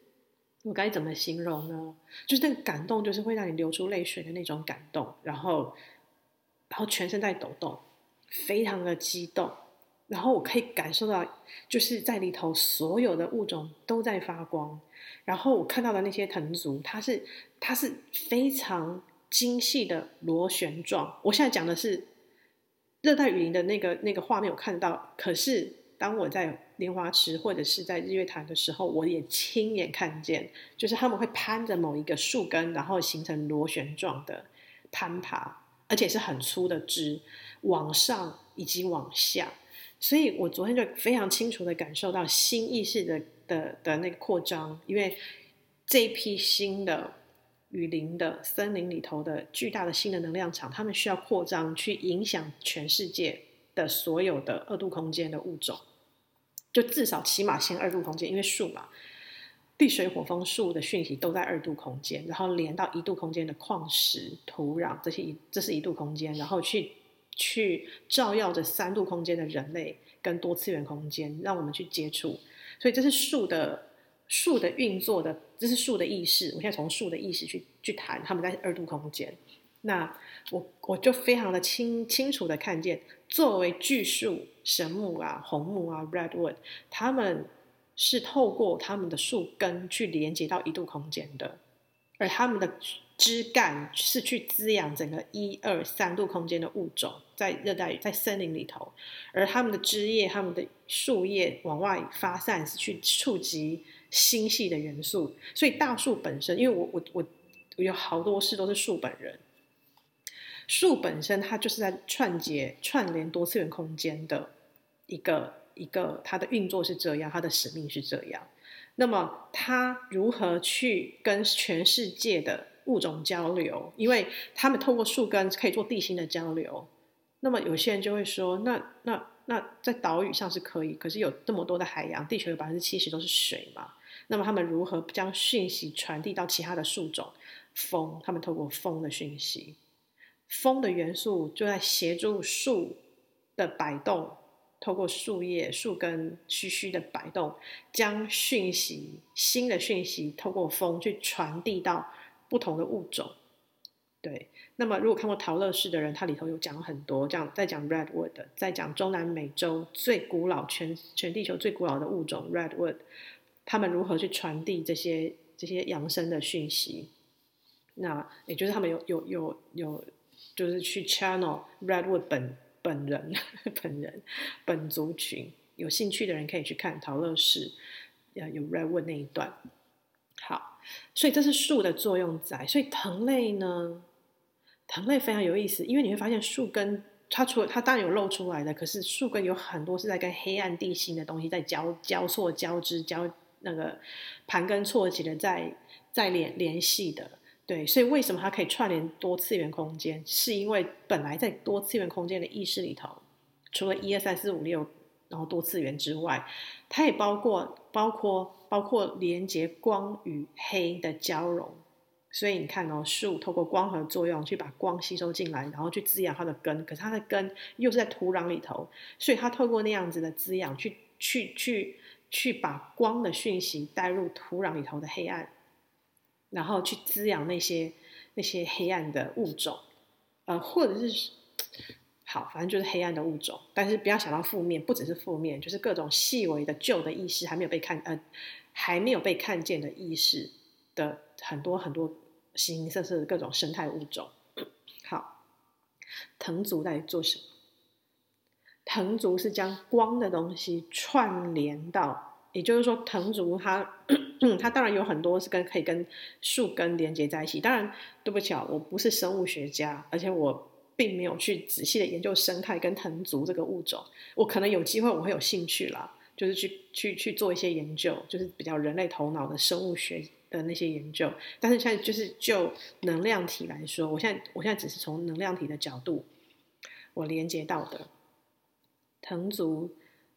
我該怎麼形容呢？就是那個感動，就是會讓你流出淚水的那種感動，然後，然後全身在抖動，非常的激動。然後我可以感受到，就是在裡頭所有的物種都在發光。然後我看到的那些藤族，它是它是非常精細的螺旋狀。我現在講的是熱帶雨林的那個那個畫面，我看到。可是當我在蓮花池或者是在日月潭的時候，我也親眼看見，就是他們會攀着某一個樹根，然後形成螺旋狀的攀爬，而且是很粗的枝往上以及往下。所以我昨天就非常清楚的感受到新意識的、的、的那個擴張，因為這一批新的雨林的森林裡頭的巨大的新的能量場，他們需要擴張去影響全世界的所有的二度空間的物種，就至少起碼先二度空間，因為樹嘛，地水火風樹的訊息都在二度空間，然後連到一度空間的礦石、土壤這些，這是一度空間，然後去。去照耀着三度空間的人類跟多次元空間，讓我們去接觸。所以這是樹的樹的運作的，這是樹的意識。我現在從樹的意識去去談，他們在二度空間。那我我就非常的清清楚的看見，作為巨樹、神木啊、紅木啊、Redwood，他們是透過他們的樹根去連接到一度空間的。而他們的枝幹是去滋養整個一二三度空間的物種，在熱帶雨在森林裡頭，而他們的枝葉、他們的樹葉往外發散，是去觸及星系的元素。所以大樹本身，因為我我我我有好多世都是樹本人，樹本身它就是在串結串聯多次元空間的一個一個，它的運作是這樣，它的使命是這樣。那麼它如何去跟全世界的物種交流？因為它們透過樹根可以做地心的交流。那麼有些人就會說，那那那在島嶼上是可以，可是有這麼多的海洋，地球有百分之七十都是水嘛。那麼他們如何將訊息傳遞到其他的樹種？風，他們透過風的訊息，風的元素就在協助樹的擺動。透過樹葉、樹根徐徐的擺動，將訊息、新的訊息透過風去傳遞到不同的物種。對，那麼如果看過《陶樂士》的人，他裡頭有講很多，這樣在講 Redwood，在講中南美洲最古老、全全地球最古老的物種 Redwood，他們如何去傳遞這些這些揚聲的訊息？那也就是他們有有有有，就是去 channel Redwood 本。本人本人本族群有興趣的人可以去看陶樂士，要有 Redwood 那一段。好，所以這是樹的作用在。所以藤類呢，藤類非常有意思，因為你會發現樹根，它除了它當然有露出來的，可是樹根有很多是在跟黑暗地形的東西在交交錯交織交那個盤根錯節的在在聯聯繫的。對，所以為什麼它可以串聯多次元空間？是因為本來在多次元空間的意識裡頭，除了一二三四五六，然後多次元之外，它也包括包括包括連接光與黑的交融。所以你看哦，樹透過光合作用去把光吸收進來，然後去滋養它的根。可是它的根又是在土壤裡頭，所以它透過那樣子的滋養去，去去去去把光的訊息帶入土壤裡頭的黑暗。然後去滋養那些那些黑暗的物種，呃，或者是好，反正就是黑暗的物種。但是不要想到負面，不只是負面，就是各種細微的舊的意識還沒有被看呃，還沒有被看見的意識的很多很多形形色色的各種生態物種。好，藤族在做什麼？藤族是將光的東西串聯到。也就是說藤、藤竹，它它當然有很多是跟可以跟樹根連接在一起。當然，對不起啊，哦，我不是生物學家，而且我並沒有去仔細的研究生態跟藤竹這個物種。我可能有機會，我會有興趣啦，就是去去去做一些研究，就是比較人類頭腦的生物學的那些研究。但是現在就是就能量體來說，我現在我現在只是從能量體的角度，我連接到的藤竹。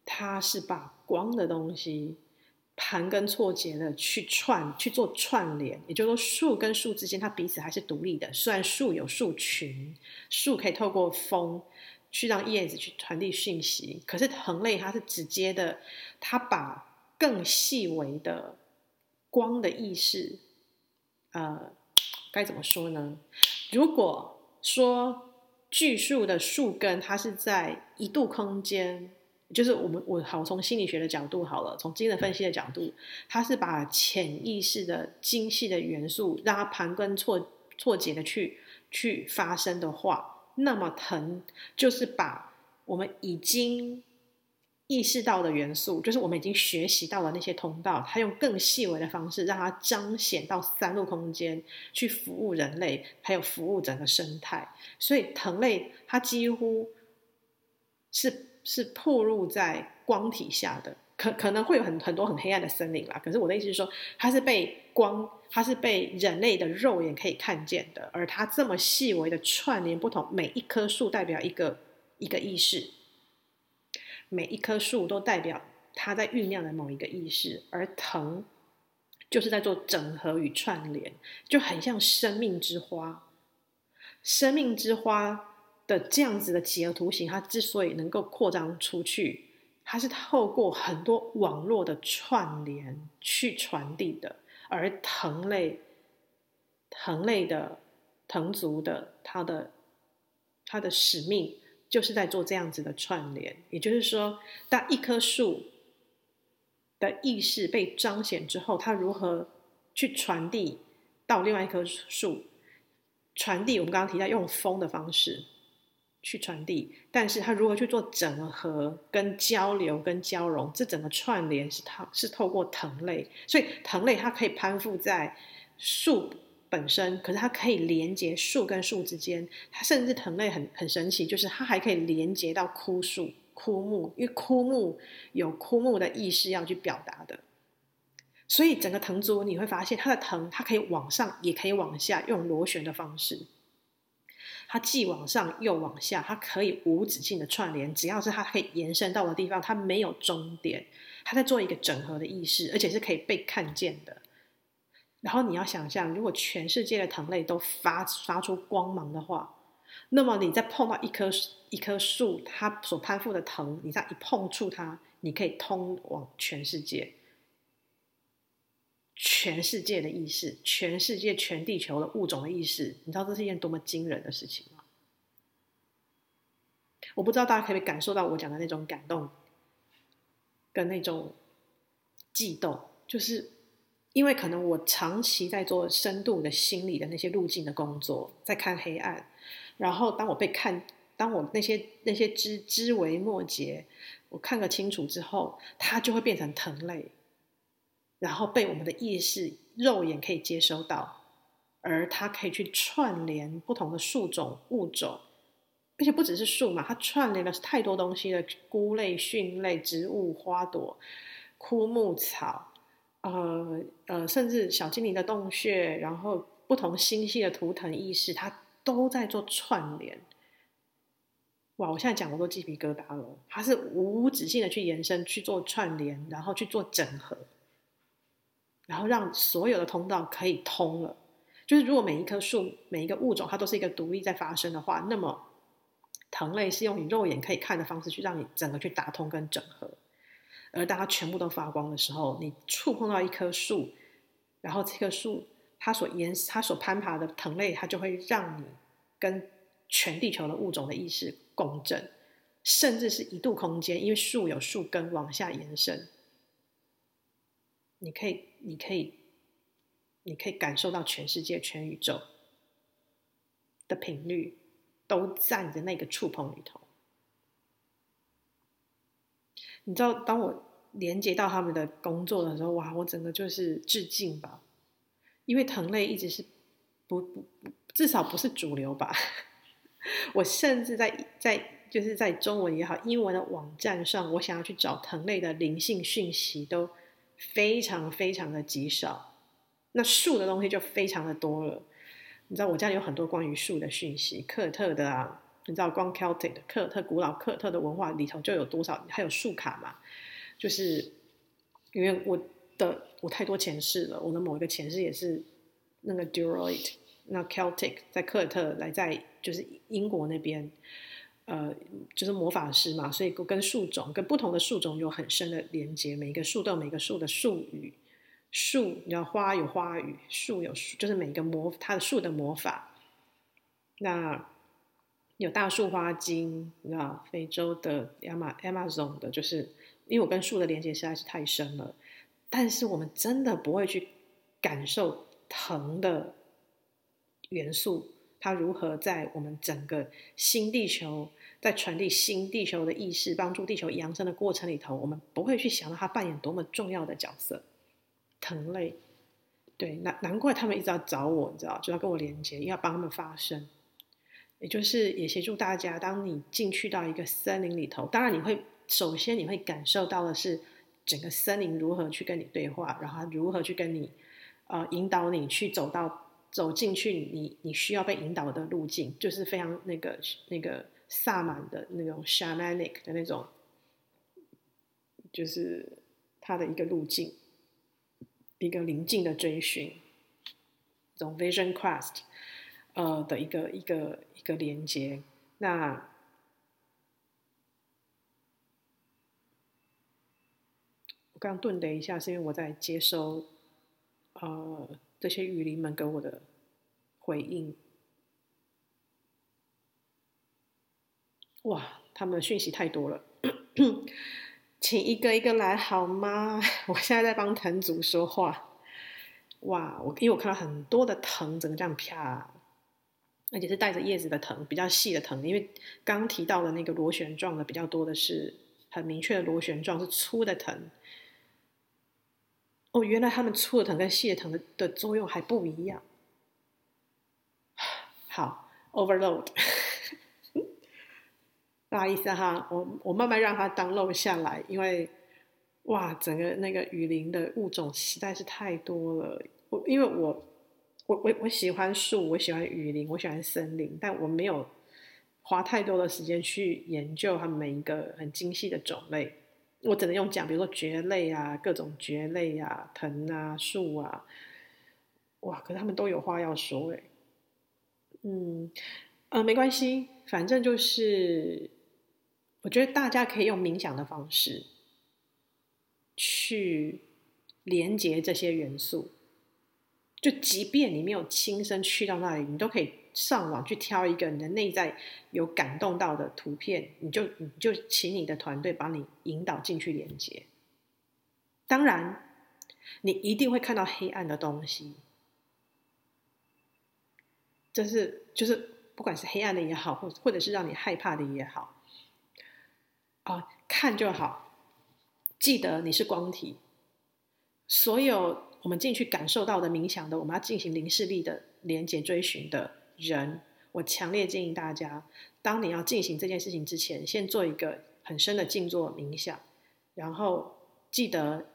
它是把光的東西盤根錯節的去串去做串聯，也就是說，樹跟樹之間它彼此還是獨立的。雖然樹有樹群，樹可以透過風去讓葉子去傳遞訊息，可是藤類它是直接的，它把更細微的光的意識，呃，該怎麼說呢？如果說巨樹的樹根它是在一度空間。就是我們，我好我從心理學的角度好了，從精神分析的角度，它是把潛意識的精細的元素，讓它盤根錯錯節的去去發生的話，那麼藤就是把我們已經意識到的元素，就是我們已經學習到的那些通道，它用更細微的方式讓它彰顯到三度空間去服務人類，還有服務整個生態。所以藤類它幾乎是。是曝露在光體下的，可可能會有很很多很黑暗的森林啦。可是我的意思是說，它是被光，它是被人類的肉眼可以看見的。而它這麼細微的串聯不同，每一棵樹代表一個一個意識，每一棵樹都代表它在醞釀的某一個意識。而藤就是在做整合與串聯，就很像生命之花，生命之花。的這樣子的幾何圖形，它之所以能夠擴張出去，它是透過很多網絡的串聯去傳遞的。而藤類、藤類的藤族的，它的它的使命就是在做這樣子的串聯。也就是說，當一棵樹的意識被彰顯之後，它如何去傳遞到另外一棵樹？傳遞我們剛剛提到用風的方式。去傳遞，但是它如何去做整合，跟交流，跟交融？這整個串聯是透是透過藤類，所以藤類它可以攀附在樹本身，可是它可以連接樹跟樹之間。它甚至藤類很很神奇，就是它還可以連接到枯樹、枯木，因為枯木有枯木的意識要去表達的。所以整個藤族你會發現，它的藤它可以往上，也可以往下，用螺旋的方式。它既往上又往下，它可以無止境的串聯，只要是它可以延伸到的地方，它沒有終點。它在做一個整合的意識，而且是可以被看見的。然後你要想象，如果全世界的藤類都發發出光芒的話，那麼你再碰到一棵一棵樹，它所攀附的藤，你再一碰觸它，你可以通往全世界。全世界的意識，全世界全地球的物種的意識，你知道這是一件多麼驚人的事情嗎？我不知道大家可不可以感受到我講的那種感動，跟那種悸動，就是因為可能我長期在做深度的心理的那些路徑的工作，在看黑暗，然後當我被看，當我那些那些枝枝微末節，我看個清楚之後，它就會變成藤類。然後被我們的意識、肉眼可以接收到，而它可以去串聯不同的樹種、物種，而且不只是樹嘛，它串聯了太多東西的菇類、蕈類、植物、花朵、枯木草，呃呃，甚至小精靈的洞穴，然後不同星系的圖騰意識，它都在做串聯。哇！我現在講我都雞皮疙瘩了，它是無止境的去延伸、去做串聯，然後去做整合。然後讓所有的通道可以通了，就是如果每一棵樹、每一個物種，它都是一個獨立在發生的話，那麼藤類是用你肉眼可以看的方式去讓你整個去打通跟整合。而當它全部都發光的時候，你觸碰到一棵樹，然後這棵樹它所延、它所攀爬的藤類，它就會讓你跟全地球的物種的意識共振，甚至是一度空間，因為樹有樹根往下延伸，你可以。你可以，你可以感受到全世界、全宇宙的頻率，都在你的那個觸碰裡頭。你知道，當我連接到他們的工作的時候，哇，我整個就是致敬吧，因為藤類一直是不不不，至少不是主流吧。 我甚至在在就是在中文也好、英文的網站上，我想要去找藤類的靈性訊息都。非常非常的極少，那樹的東西就非常的多了。你知道我家裡有很多關於樹的訊息，克爾特的啊，你知道光 Celtic 克爾特古老克爾特的文化裡頭就有多少？還有樹卡嘛，就是因為我的我太多前世了，我的某一個前世也是那個 Druid 那 Celtic 在克爾特來在就是英國那邊。呃，就是魔法師嘛，所以跟樹種、跟不同的樹種有很深的連接。每一個樹都有每個樹的樹語，樹，你知道花有花語，樹有樹，就是每個魔它的樹的魔法。那有大樹花精，那非洲的亞馬 Amazon 的，就是因為我跟樹的連接實在是太深了。但是我們真的不會去感受藤的元素。他如何在我們整個新地球在傳遞新地球的意識，幫助地球揚升的過程裡頭，我們不會去想到他扮演多麼重要的角色。藤類，對，難難怪他們一直要找我，你知道，就要跟我連接，要幫他們發聲，也就是也協助大家。當你進去到一個森林裡頭，當然你會首先你會感受到的是整個森林如何去跟你對話，然後他如何去跟你呃引導你去走到。走進去你，你你需要被引導的路徑，就是非常那個那個薩滿的那種 shamanic 的那種，就是它的一個路徑，一個靈境的追尋，一種 vision quest，呃的一個一個一個連接。那我剛頓了一下，是因為我在接收，呃。這些雨林們給我的回應，哇，他們的訊息太多了， 請一個一個來好嗎？我現在在幫藤族說話。哇，我因為我看到很多的藤，整個這樣啪，而且是帶着葉子的藤，比較細的藤。因為剛，剛提到的那個螺旋狀的比較多的是很明確的螺旋狀，是粗的藤。哦，原來他們醋藤跟蟹藤的的作用還不一樣。好，overload，不好 意思哈，我我慢慢讓它 download 下來，因為哇，整個那個雨林的物種實在是太多了。我因為我我我我喜歡樹，我喜歡雨林，我喜歡森林，但我沒有花太多的時間去研究它每一個很精細的種類。我只能用講，比如說蕨類啊，各種蕨類啊，藤啊，樹啊，哇！可是他們都有話要說哎、欸，嗯，呃，沒關係，反正就是，我覺得大家可以用冥想的方式，去連接這些元素，就即便你沒有親身去到那裡，你都可以。上網去挑一個你的內在有感動到的圖片，你就你就請你的團隊幫你引導進去連接。當然，你一定會看到黑暗的東西、就是，這是就是不管是黑暗的也好，或或者是讓你害怕的也好，哦，看就好，記得你是光體。所有我們進去感受到的冥想的，我們要進行靈視力的連接追尋的。人，我強烈建議大家，當你要進行這件事情之前，先做一個很深的靜坐冥想，然後記得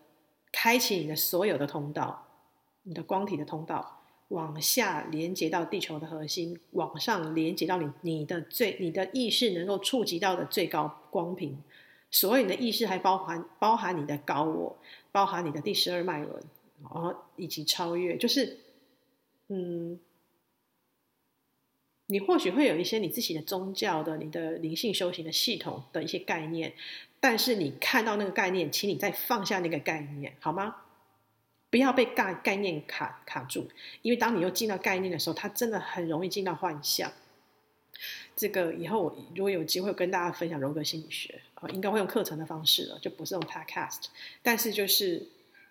開啟你的所有的通道，你的光體的通道，往下連接到地球的核心，往上連接到你，你的最，你的意識能夠觸及到的最高光頻。所以你的意識還包含，包含你的高我，包含你的第十二脈輪，然後以及超越，就是嗯。你或許會有一些你自己的宗教的、你的靈性修行的系統的一些概念，但是你看到那個概念，請你再放下那個概念，好嗎？不要被概概念卡卡住，因為當你又進到概念的時候，它真的很容易進到幻象。這個以後如果有機會跟大家分享榮格心理學啊，應該會用課程的方式了，就不是用 Podcast，但是就是。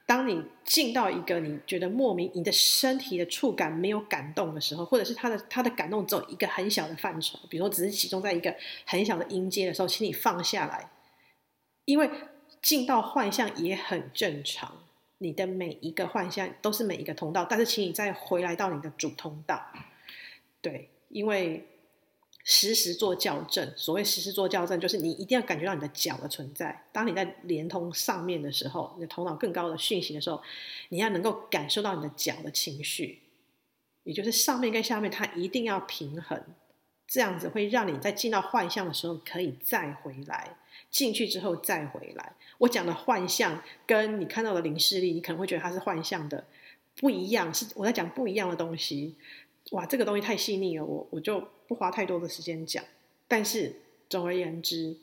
當你進到一個你覺得莫名、你的身體的觸感沒有感動的時候，或者是他的他的感動走一個很小的範疇，比如說只是集中在一個很小的音階的時候，請你放下來，因為進到幻象也很正常。你的每一個幻象都是每一個通道，但是請你再回來到你的主通道，對，因為。實時做校正，所謂實時做校正，就是你一定要感覺到你的腳的存在。當你在連通上面的時候，你的頭腦更高的訊息的時候，你要能夠感受到你的腳的情緒，也就是上面跟下面，它一定要平衡。這樣子會讓你在進到幻象的時候，可以再回來，進去之後再回來。我講的幻象，跟你看到的靈視力，你可能會覺得它是幻象的不一樣，是我在講不一樣的東西。哇，這個東西太細膩了，我我就不花太多的時間講。但是總而言之，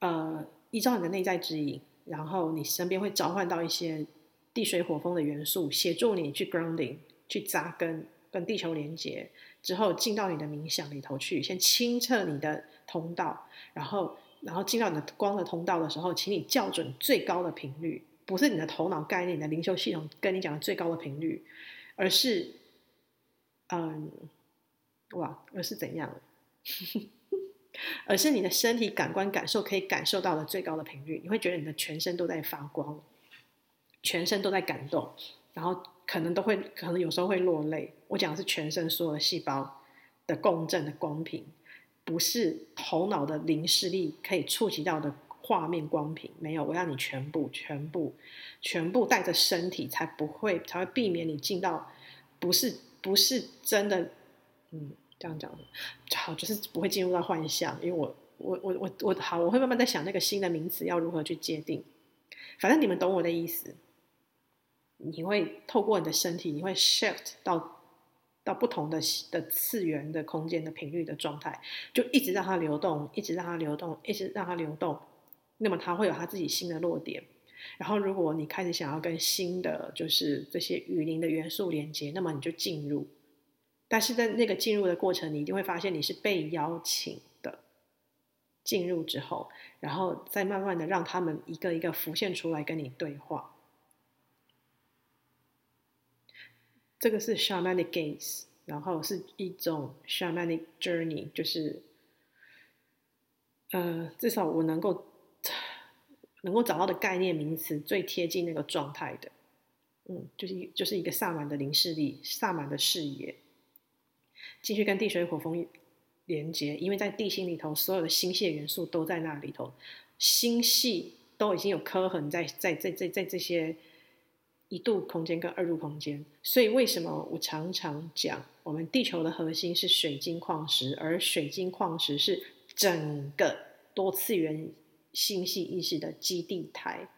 呃，依照你的內在指引，然後你身邊會召喚到一些地水火風的元素，協助你去 grounding，去扎根，跟地球連接之後，進到你的冥想裡頭去，先清澈你的通道，然後然後進到你的光的通道的時候，請你校準最高的頻率，不是你的頭腦概念，你的靈修系統跟你講的最高的頻率。而是，嗯，哇，而是怎樣？ 而是你的身體感官感受可以感受到的最高的頻率，你會覺得你的全身都在發光，全身都在感動，然後可能都會，可能有時候會落淚。我講的是全身所有的細胞的共振的光頻，不是頭腦的靈視力可以觸及到的。畫面光屏沒有，我要你全部、全部、全部帶着身體，才不會才會避免你進到不是不是真的，嗯，這樣講，好，就是不會進入到幻象。因為我我我我我好，我會慢慢在想那個新的名詞要如何去界定。反正你們懂我的意思。你會透過你的身體，你會 shift 到到不同的的次元的空間的頻率的狀態，就一直讓它流動，一直讓它流動，一直讓它流動。那麼他會有他自己新的落點，然後如果你開始想要跟新的就是這些雨林的元素連接，那麼你就進入，但是在那個進入的過程，你一定會發現你是被邀請的，進入之後，然後再慢慢的讓他們一個一個浮現出來跟你對話。這個是 shamanic gaze，然後是一種 shamanic journey，就是，呃，至少我能夠。能夠找到的概念名詞最貼近那個狀態的，嗯，就是就是一個薩滿的凝視力、薩滿的視野，進去跟地水火風連接，因為在地心裡頭，所有的星系元素都在那裡頭，星系都已經有刻痕在在在在在這些一度空間跟二度空間，所以為什麼我常常講，我們地球的核心是水晶礦石，而水晶礦石是整個多次元。星系意識的基地台，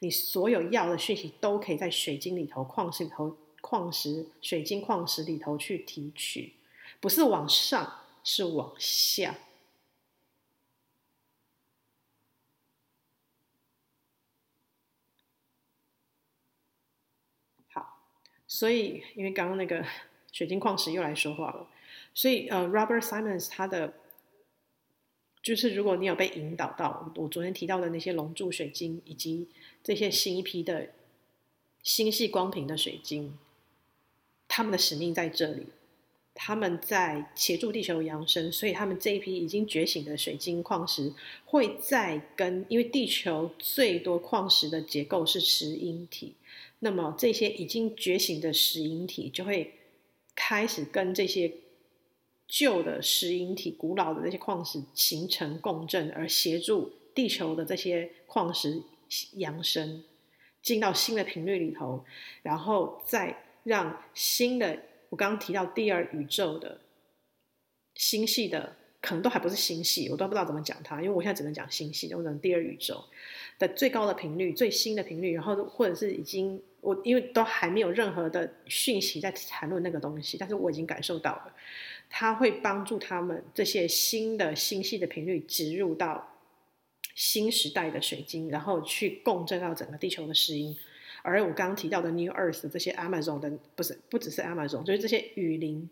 你所有要的訊息都可以在水晶裡頭、礦石裡頭、礦石、水晶、礦石裡頭去提取，不是往上，是往下。好，所以因為剛剛那個水晶礦石又來說話了，所以呃，Robert Simons 他的。就是如果你有被引導到我昨天提到的那些龍柱水晶，以及這些新一批的星系光瓶的水晶，他們的使命在這裡，他們在協助地球揚升，所以他們這一批已經覺醒的水晶礦石會再，會在跟，因為地球最多礦石的結構是石英體，那麼這些已經覺醒的石英體就會開始跟這些。舊的石英體、古老的那些礦石形成共振，而協助地球的這些礦石揚升進到新的頻率裡頭，然後再讓新的……我剛剛提到第二宇宙的星系的，可能都還不是星系，我都不知道怎麼講它，因為我現在只能講星系，我講第二宇宙的最高的頻率、最新的頻率，然後或者是已經我因為都還沒有任何的訊息在談論那個東西，但是我已經感受到了。它會幫助他們這些新的星系的頻率植入到新時代的水晶，然後去共振到整個地球的石英。而我剛剛提到的 New Earth，這些 Amazon 的，不是，不只是 Amazon，就是這些雨林、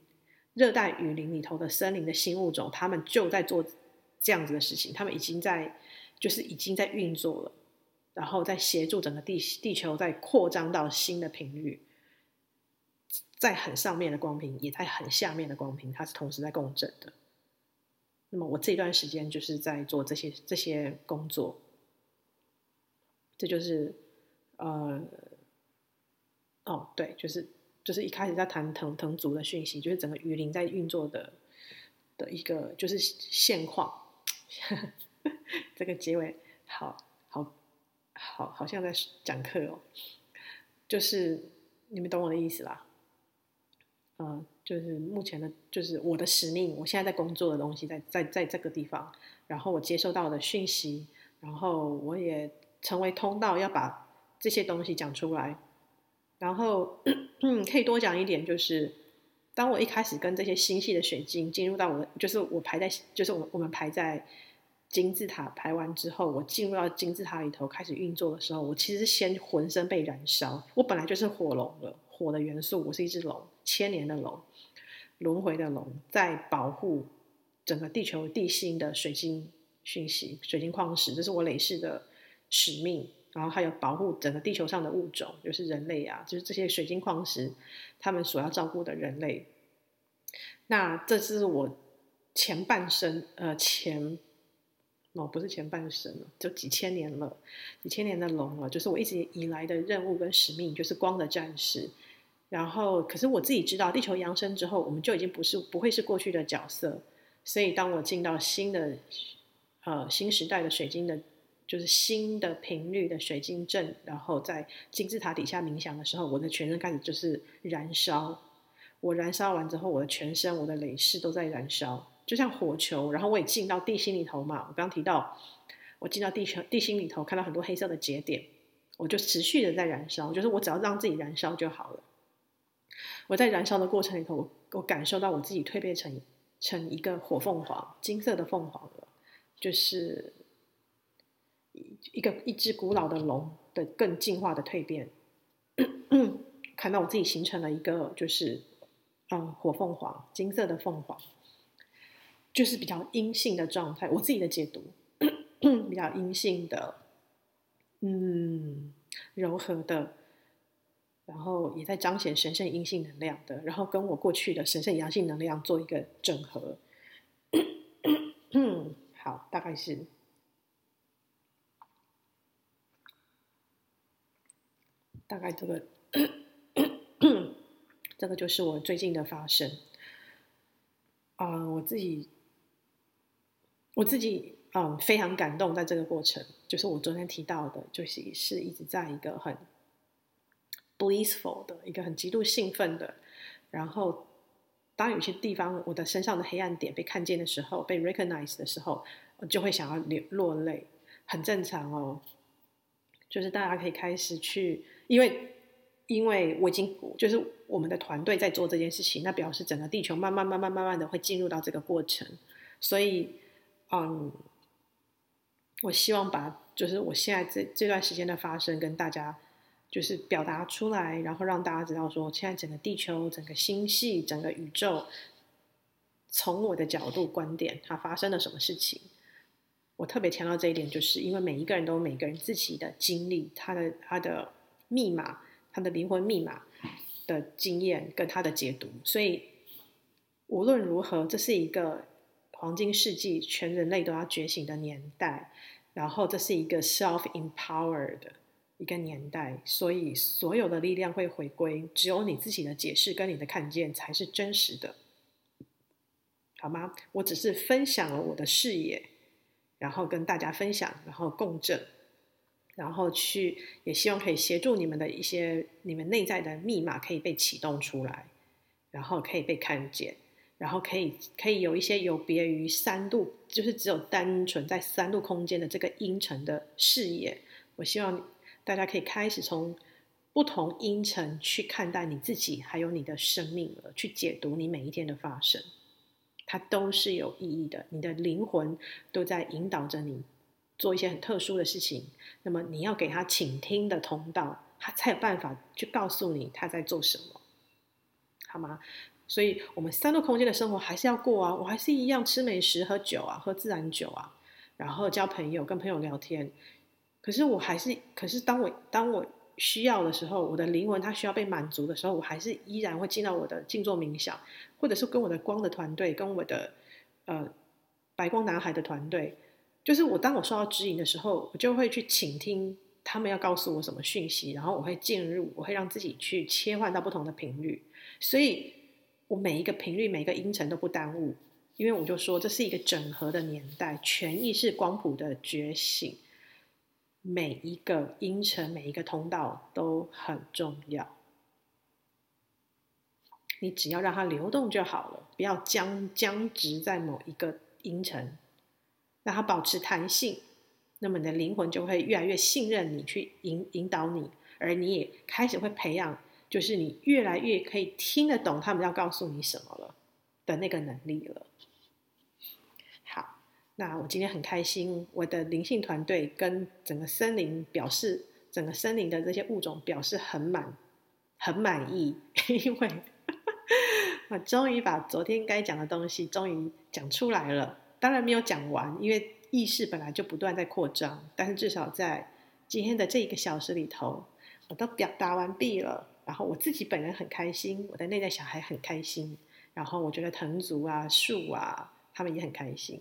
熱帶雨林裡頭的森林的新物種，他們就在做這樣子的事情，他們已經在，就是已經在運作了，然後在協助整個地地球在擴張到新的頻率。在很上面的光屏，也在很下面的光屏，它是同時在共振的。那麼我這段時間就是在做這些這些工作，這就是呃，哦，對，就是就是一開始在談藤藤族的訊息，就是整個雨林在運作的的一個就是現況。 這個結尾好，好，好，好像在講課哦，就是你們懂我的意思啦。呃、嗯，就是目前的，就是我的使命，我現在在工作的東西在，在在在這個地方，然後我接受到的訊息，然後我也成為通道，要把這些東西講出來。然後、嗯、可以多講一點，就是當我一開始跟這些星系的水晶進入到我，就是我排在，就是我我們排在金字塔排完之後，我進入到金字塔裡頭開始運作的時候，我其實先渾身被燃燒，我本來就是火龍了。我的元素，我是一隻龍，千年的龍，輪回的龍，在保護整個地球地心的水晶訊息、水晶礦石，這是我累世的使命。然後還有保護整個地球上的物種，就是人類啊，就是這些水晶礦石，他們所要照顧的人類。那這是我前半生，呃，前，哦，不是前半生，就幾千年了，幾千年的龍了，就是我一直以來的任務跟使命，就是光的戰士。然後，可是我自己知道，地球揚升之後，我們就已經不是，不會是過去的角色。所以，當我進到新的，呃，新時代的水晶的，就是新的頻率的水晶陣，然後在金字塔底下冥想的時候，我的全身開始就是燃燒。我燃燒完之後，我的全身、我的雷士都在燃燒，就像火球。然後我也進到地心裡頭嘛，我剛剛提到我進到地球地心裡頭，看到很多黑色的節點，我就持續的在燃燒，就是我只要讓自己燃燒就好了。我在燃燒的過程裡頭，我我感受到我自己蛻變成成一個火鳳凰，金色的鳳凰了，就是一個一個一隻古老的龍的更進化的蛻變， 看到我自己形成了一個就是嗯火鳳凰，金色的鳳凰，就是比較陰性的狀態，我自己的解讀， 比較陰性的，嗯，柔和的。然後也在彰顯神聖陰性能量的，然後跟我過去的神聖陽性能量做一個整合。 好，大概是大概這個 這個就是我最近的發生。啊、呃，我自己我自己啊、呃，非常感動，在這個過程，就是我昨天提到的，就是是一直在一個很。Blissful 的一個很極度興奮的，然後當有些地方我的身上的黑暗點被看見的時候，被 recognize 的時候，就會想要流落淚，很正常哦。就是大家可以開始去，因為因為我已經就是我們的團隊在做這件事情，那表示整個地球慢慢、慢慢、慢慢的會進入到這個過程。所以，嗯，我希望把就是我現在這這段時間的發生跟大家，就是表達出來，然後讓大家知道說，現在整個地球、整個星系、整個宇宙，從我的角度觀點，它發生了什麼事情。我特別強調這一點，就是因為每一個人都有每個人自己的經歷，他的他的密碼，他的靈魂密碼的經驗跟他的解讀。所以無論如何，這是一個黃金世紀，全人類都要覺醒的年代。然後這是一個 self empowered。一個年代，所以所有的力量會回歸，只有你自己的解釋跟你的看見才是真實的，好嗎？我只是分享了我的視野，然後跟大家分享，然後共振，然後去，也希望可以協助你們的一些你們內在的密碼可以被啟動出來，然後可以被看見，然後可以可以有一些有別於三度，就是只有單純在三度空間的這個陰沉的視野，我希望。大家可以開始從不同音層去看待你自己，還有你的生命了，去解讀你每一天的發生，它都是有意義的。你的靈魂都在引導着你做一些很特殊的事情，那麼你要給他傾聽的通道，他才有辦法去告訴你他在做什麼，好嗎？所以，我們三度空間的生活還是要過啊，我還是一樣吃美食、喝酒啊，喝自然酒啊，然後交朋友，跟朋友聊天。可是我還是，可是當我當我需要的時候，我的靈魂它需要被滿足的時候，我還是依然會進到我的靜坐冥想，或者是跟我的光的團隊，跟我的呃白光男孩的團隊。就是我當我受到指引的時候，我就會去傾聽他們要告訴我什麼訊息，然後我會進入，我會讓自己去切換到不同的頻率。所以我每一個頻率、每一個音程都不耽誤，因為我就說這是一個整合的年代，全意識光譜的覺醒。每一個音程，每一個通道都很重要。你只要讓它流動就好了，不要僵僵直在某一個音程，讓它保持彈性。那麼你的靈魂就會越來越信任你去引引導你，而你也開始會培養，就是你越來越可以聽得懂他們要告訴你什麼了的那個能力了。那我今天很開心，我的靈性團隊跟整個森林表示，整個森林的這些物種表示很滿，很滿意，因為我終於把昨天該講的東西終於講出來了。當然沒有講完，因為意識本來就不斷在擴張。但是至少在今天的這一個小時裡頭，我都表達完畢了。然後我自己本人很開心，我的內在小孩很開心。然後我覺得藤竹啊、樹啊，他們也很開心。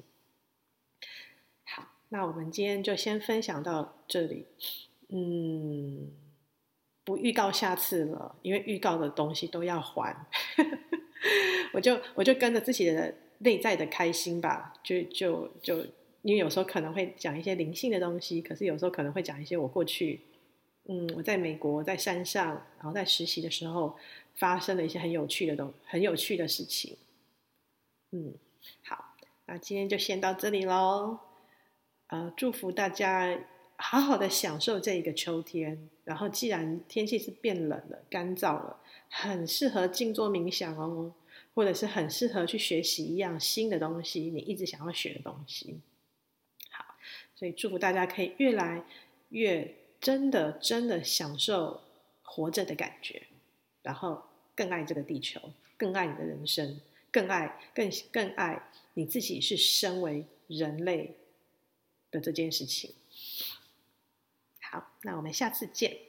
那我們今天就先分享到這裡，嗯，不預告下次了，因為預告的東西都要還， 我就我就跟着自己的內在的開心吧，就就就，因為有時候可能會講一些靈性的東西，可是有時候可能會講一些我過去，嗯，我在美國在山上，然後在實習的時候發生了一些很有趣的東，很有趣的事情，嗯，好，那今天就先到這裡咯。呃，祝福大家好好的享受這一個秋天。然後，既然天氣是變冷了，乾燥了，很適合靜坐冥想哦，或者是很適合去學習一樣新的東西，你一直想要學的東西。好，所以祝福大家可以越來越真的、真的享受活着的感覺，然後更愛這個地球，更愛你的人生，更愛、更、更愛你自己是身為人類的這件事情，好，那我們下次見。